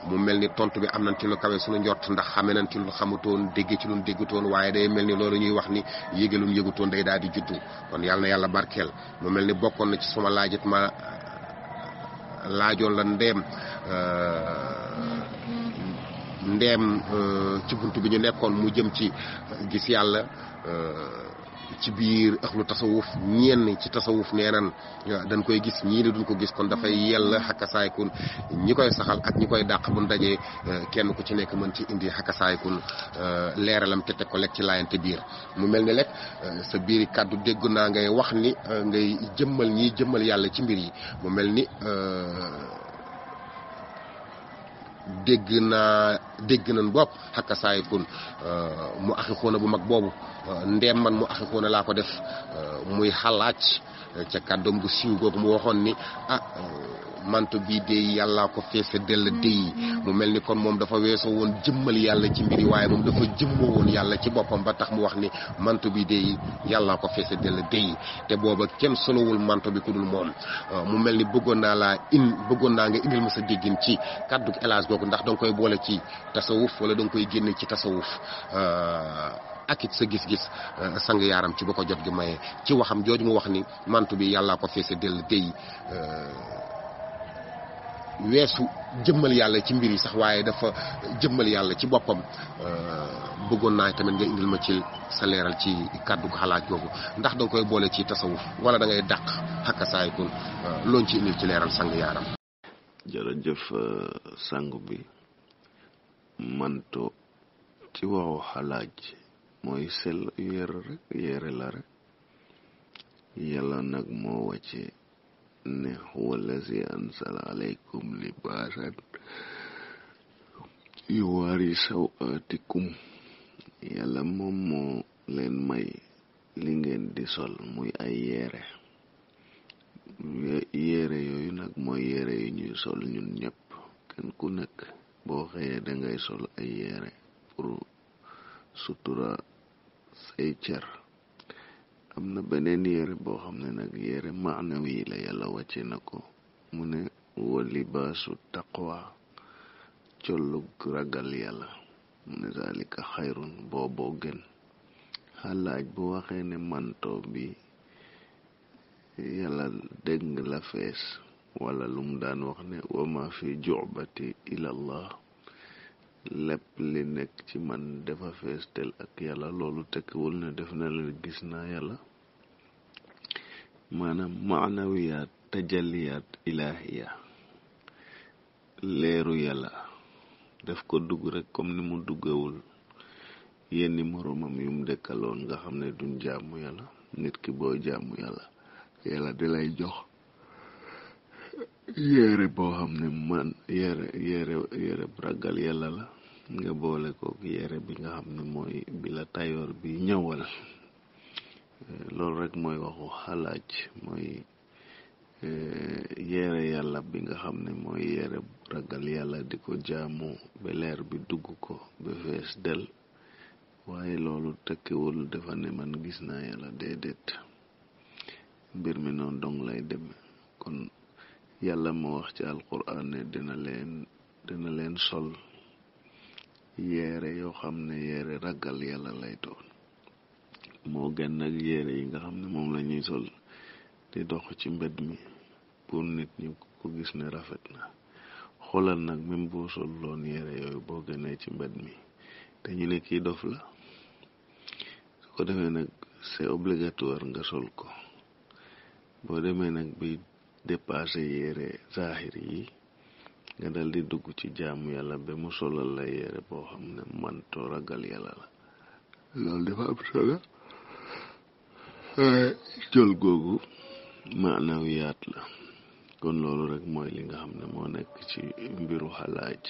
mu mel ni tontu bi am nañ ci lu kawe suñu ndax xame nañ ci lu xamutoon dégge ci lu déggutoon waaye day mel ni loolu ñuy wax ni yégalum yégutoon day daal di juddu kon yàlla na yàlla barkeel mu mel ni bokkoon na ci sama laajit ma euh, laajoon la ndeem euh, ndeem euh, ci bunt bi ñu nekkoon mu jëm ci gis yàlla ci biir axlu tasawuf ñenn ci tasawuf nee nan ah, dañ koy gis ñii ne duñ ko gis kon dafay yell xakasaayikun ñi koy saxal ak ñi koy dàq buñ dajee eh, kenn ku ci nekk mën ci indi xakasaayikun eh, leeralam te teg ko lekk ci laayante biir mu mel ni lekk eh, sa biiri kàddu dégg naa ngay wax ni ngay jëmmal ñi jëmmal yàlla ci mbir yi mu mel ni dégg na dégg nañ bopp xakka saay kun euh, mu axi xoona bu mag boobu euh, ndeem man mu axi xoona laa ko def euh, muy xalaaj ca kàddoom gu siiw googu mu waxoon ni ah manto bii déy yàllaa ko feese dell mm-hmm. déy mu mel ni kon moom dafa weesoo woon jëmmal yàlla ci mbiri waaye moom dafa jëmmoo woon yàlla ci boppam ba tax mu wax ni manto bi déy yàllaa ko feese dell déy te booba kenn solowul manto bi ku dul moom euh, mu mel ni bëggoon naa laa in bëggoon naa nga indil sa déggin ci kàddu élage googu ndax danga koy boole ci tasawuf wala danga koy génne ci tasawuf euh, ak it sa gis-gis euh, sang yaaram ci ba ko jot gi maye ci waxam jooju mu wax ni mantu bi yàllaa ko feese dell déy weesu jëmmal yàlla ci mbir yi sax waaye dafa jëmmal yàlla ci boppam euh, bëggoon naa tamit nga indil ma ci sa leeral ci kàddu ko xalaat googu ndax danga koy boole ci tasawu wala dangay ngay dàq xakka saayikun euh, loon ci indil ci leeral sang yaaram jërëjëf euh, sang bi manto ci waxu xalaaj mooy sel yéere rek yéere la rek yàlla nag moo wàccee ne huwa allazi anzala yu war yuwaari sawatikum yàlla moom moo leen may li ngeen di sol muy ay yére yooyu nag mooy yére yu ñuy sol ñun ñëpp kenn ku nekk boo xëyee dangay sol ay yére pour sutura say cër am na beneen yére boo xam ne nag yére maanawi la yàlla wàcce na ko mu ne wa libaasu taqwa collug ragal yàlla mu ne zaalika xayrun booboo gën xalaaj bu waxee ne manto bi yàlla dégg la fees wala lu daan wax ne wa ma fi jucbati ilallah lépp li nekk ci man dafa fees tel ak yàlla loolu tekkiwul ne def na leen gis naa yàlla maanaam maanawiyaat tajalliyaat ilaahiya leeru yàlla def ko dugg rek comme ni mu duggawul yenni moroomam yu mu dëkkaloon nga xam ne duñ jàmm yàlla nit ki boo jaamu yàlla yàlla di jox yere bo hamne man yere yere yere braggal yalal nga boole ko yere bi nga xamne moy bila tayor bi ñawal eh, lool rek moy waxu xalaaj moy eh, yere yalla bi nga xamne moy yere braggal yalla diko jaamu be leer bi dugg ko be fees del waaye loolu tekkiwul dafa ne man gis naa yàlla déedéet mbir mi noonu dong lay dem kon yàlla moo wax ci alquran ne dina leen leen sol yére yoo xam ne yére raggal yàlla lay doon moo gën nag yére yi nga xam ne moom la ñuy sol di dox ci mbedd mi pour nit ñi ko gis ne rafet na xoolal nag même boo sol loon yére yooyu boo gënee ci mbedd mi dañu ñu ne kii dof la su ko demee nag c'est obligatoire nga sol ko boo demee nag bi dépassé yére saaxir yi nga dal di dugg ci jaamu yàlla ba mu solal la yére boo xam ne mantoo ragal yàlla la loolu dafa am solo eh, jol googu maanaam yaat la kon loolu rek mooy li nga xam ne moo nekk ci mbiru xalaaj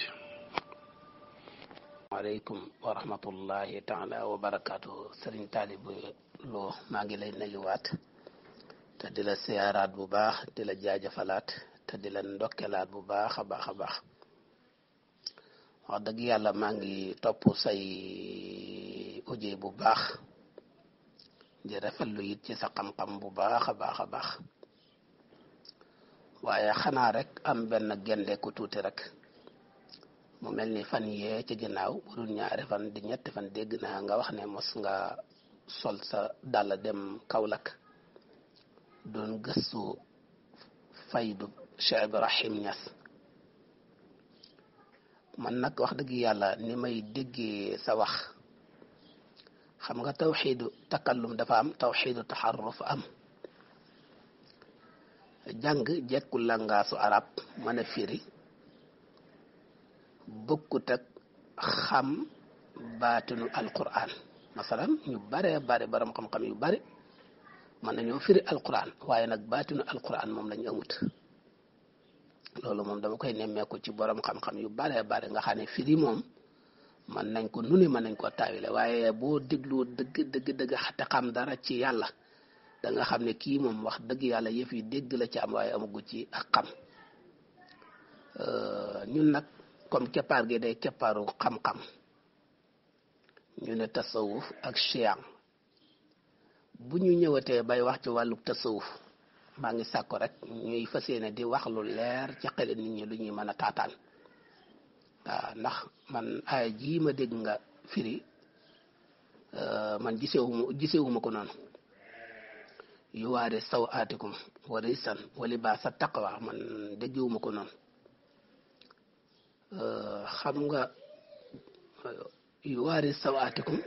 aleykum wa rahmatullahi taala wa barakaatu sëriñ taalibu loo maa ngi lay nuyuwaat te di la siyaaraat bu baax di la jaajëfalaat te di la ndokkelaat bu baax a baax a baax wax yàlla maa ngi topp say uje bu baax di ci sa xam bu baax a baax a baax waaye xanaa rek am benn gendeeku tuuti rek mu mel ni fan yee ci ginnaaw bu dul ñaari fan di ñetti fan dégg na nga wax ne mos nga sol sa dàll dem kawlak doon gëstu faydu Cheikh Ibrahim Niass man nag wax dëgg yàlla ni may déggee sa wax xam nga tawxiidu takallum dafa am tawxiidu taxarruf am jàng jekku langaasu arab mën a firi bokkut ak xam baatinu alquran masalan ñu bare bare borom xam-xam yu bare mën nañoo firi alquran waaye nag baatinu alquran moom lañu amut loolu moom dama koy nemmeeku ci borom xam-xam yu bare bare nga xam ne firi moom mën nañ ko nu ne mën nañ koo taawile waaye boo déglu dëgg dëgg dëgg te xam dara ci yàlla da xam ne kii moom wax dëgg yàlla yëf yi dégg la ci am waaye amagu ci ak xam euh, nag comme keppaar gi day keppaaru ñu ne tasawuf ak chiang bu ñu ñëwatee bay wax ci wàllu tasawuf maa ngi sàkko rek ñuy fas yéene di wax lu leer ci xel nit ñi lu ñuy mën a taataan ndax man aaya jii ma dégg nga firi euh, man gisewuma ko noonu yu waare saw aatikum wala isan wali baa sa taqwa man déggewuma ko noonu euh, xam nga yu waare saw aatikum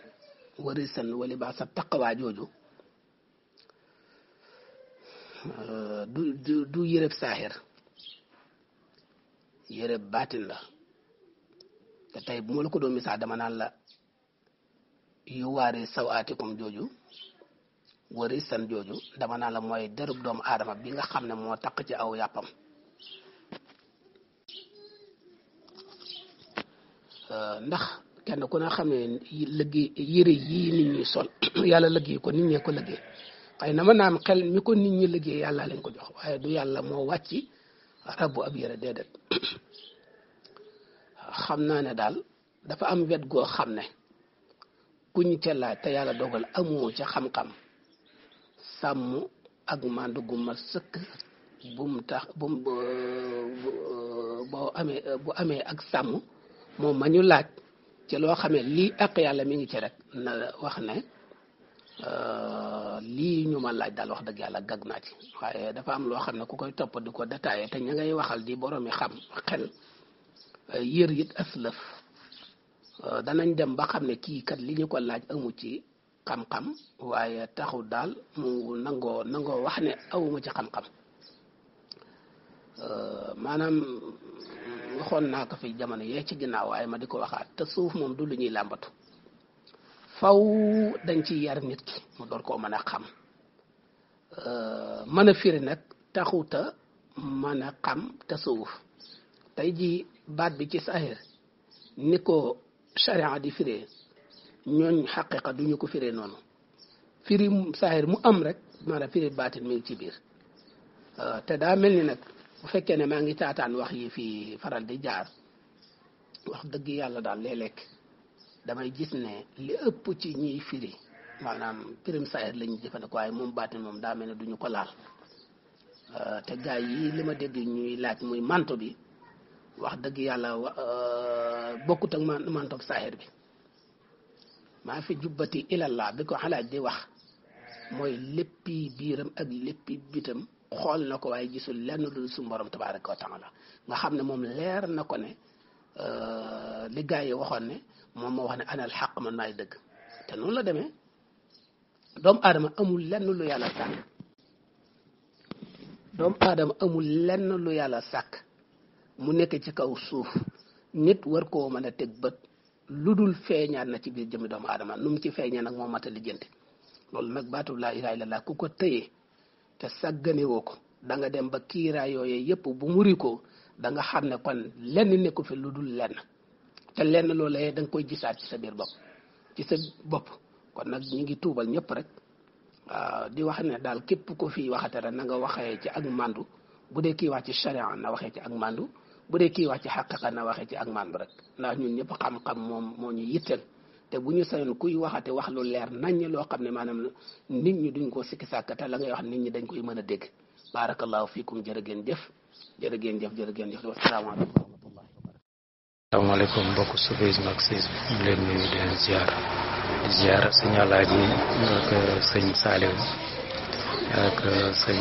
wala isan wali baa sa taqwa jooju Euh, du du yëreb saaxir yëreb baatin la te tey bu ma la ko doon misaal dama naan la yu waari saw aatikum jooju wari san jooju dama naan la mooy derub doomu aadama bi nga xam ne moo taq ci aw yàppam euh, ndax kenn ku ne xam ne lëggi yëre yii nit ñi sol yàlla lëggi ko nit ñee ko lëggee xëy na ma naam xel mi ko nit ñu liggéey yàlla lañ ko jox waaye du yàlla moo wàcci rabbu ab yére déedéet xam naa ne daal dafa am wet goo xam ne kuñ ca laaj te yàlla dogal amoo ca xam-xam sàmm ak màndu gu ma sëkk bum tax bum boo amee bu amee ak sàmm moom ma ñu laaj ci loo xamee lii ak yàlla mi ngi ci rek na wax ne Euh, lii ñu ma laaj daal wax dëgg yàlla gag naa ci waaye dafa am loo xam ne ku koy topp di ko détaillé te ña ngay waxal di boromi xam xel euh, yër it aslëf euh, danañ dem ba xam ne kii kat li ñu ko laaj amu ci xam-xam waaye taxu daal mu nangoo nangoo wax ne awuma ci xam-xam maanaam xon naa ko fi jamono yee ci ginnaaw waaye ma di ko waxaat te suuf moom du lu ñuy làmbatu faw dañ ci yar nit ki mu door koo mën a xam mën a firi nag taxuta mën a xam tasawuf tey ji baat bi ci saahir ni ko charia di firee ñooñ xaqiqa du ñu ko fire noonu firi saahir mu am rek maanaam firi baatin mi ngi ci biir te daa mel ni nag bu fekkee ne maa ngi taataan wax yi fii faral di jaar wax dëgg yàlla daal léeg damay gis ne li ëpp ci ñiy firi maanaam pirim saayir lañuy ñuy jëfandikoo waaye moom baatin moom daa mel ne duñu ko laal euh, te gaa yi li ma dégg ñuy laaj muy manto bi wax dëgg yàlla euh, bokkut ak manto saayir bi maa fi jubbati ilallah bi ko xalaaj di wax mooy léppi biiram ak léppi bitam xool na ko waaye gisul lenn du su borom tabaaraka wa taala nga xam ne moom leer na ko ne euh, li gaa yi waxoon ne moom moo wax ne anal xaq man maay dëgg te noonu la demee doomu aadama amul lenn lu yàlla sàkk doomu aadama amul lenn lu yàlla sàkk mu nekk ci kaw suuf nit war koo mën a teg bët lu dul feeñaan na ci biir jëmmi doomu aadama nu mu ci feeñee nag moo mat a lijjanti nag baatu laa ilaaha illallaah ku ko tëyee te sàgganewoo ko da dem ba kiiraay yooyu yëpp bu muri ko da xam ne kon lenn nekku fi lu dul lenn te lenn loolee da nga koy gisaat ci sa biir bopp ci sa bopp kon nag ñu ngi tuubal ñëpp rek waaw di wax ne daal képp ko fii waxate rek na nga waxee ci ak mandu bu dee kii wax ci charia na waxee ci ak mandu bu dee kii wax ci xaqiqa na waxee ci ak mandu rek ndax ñëpp xam-xam moom moo ñu yitteel te bu ñu sa sañoon kuy waxate wax lu leer naññ loo xam ne maanaam nit ñi duñ koo sikki sàkk te la ngay wax nit ñi dañ koy mën a dégg barakallahu fiikum jërë ngeen jëf jërë ngeen jëf jërë ngeen jëf wasalaamaaleykum salaamaaleykum mbokk soufisme ak chiisme ñu leen nuyu di leen ziar ziar sëñ Alaaji ak sëñ Saaliw ak sëñ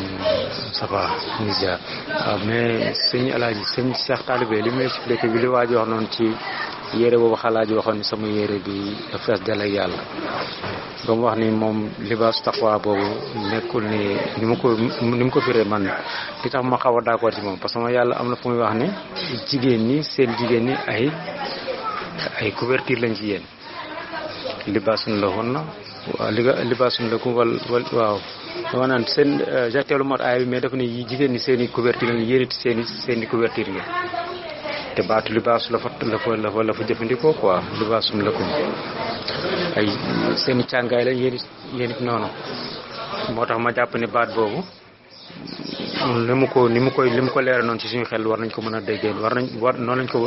Safa ñu jaar waaw mais sëñ alaaji sëñ Cheikh Talibé li may expliqué bi li waa wax noonu ci yére boobu xalaat ji waxoon sama yére bi fees dal yàlla ba mu wax ni moom libaasu taqwa boobu nekkul ni ni mu ko ni mu ko firee man li tax ma xaw a d'accord ci moom parce que ma yàlla am na fu muy wax ni jigéen ñi seen jigéen ñi ay ay couverture lañ ci yéen libaasun lahunna waaw li nga libaasun lakum wal wal waaw dama naan seen gerteelu euh, mot aay bi mais dafa ne jigéen ñi seeni i couverture la yéen it seen i seen i couverture la te baatu libaasu la fa la fa la fa la fa jëfandikoo quoi libaasun lakum ay seen i càngaay lañ yéen it noonu moo tax ma jàpp ne baat boobu ni mu ko ni mu koy li mu ko leeral noonu ci suñu xel war nañ ko mën a déggee war nañ war noonu lañ ko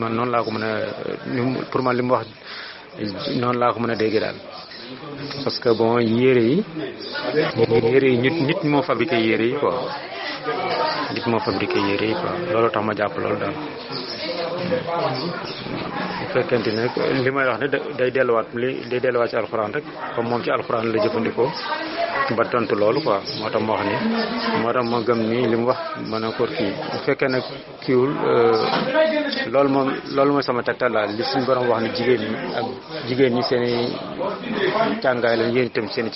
man noonu laa ko mën a pour ma li mu wax noonu laa ko mën a déggee daal parce que bon yére yi yére yi nit moo fabriqué yére yi quoi nit moo fabriqué yére pak lalu loolu tax ma jàpp loolu daal bu fekkente ne ini may wax ne day delluwaat li day delluwaat ci alxuraan rek comme moom ci alxuraan la jëfandikoo ba tontu loolu quoi moo tax sama eh, ni jigéen ñi ak jigéen ñi seen i càngaay la yéen itam seen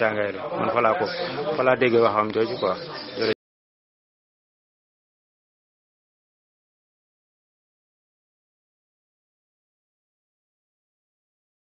i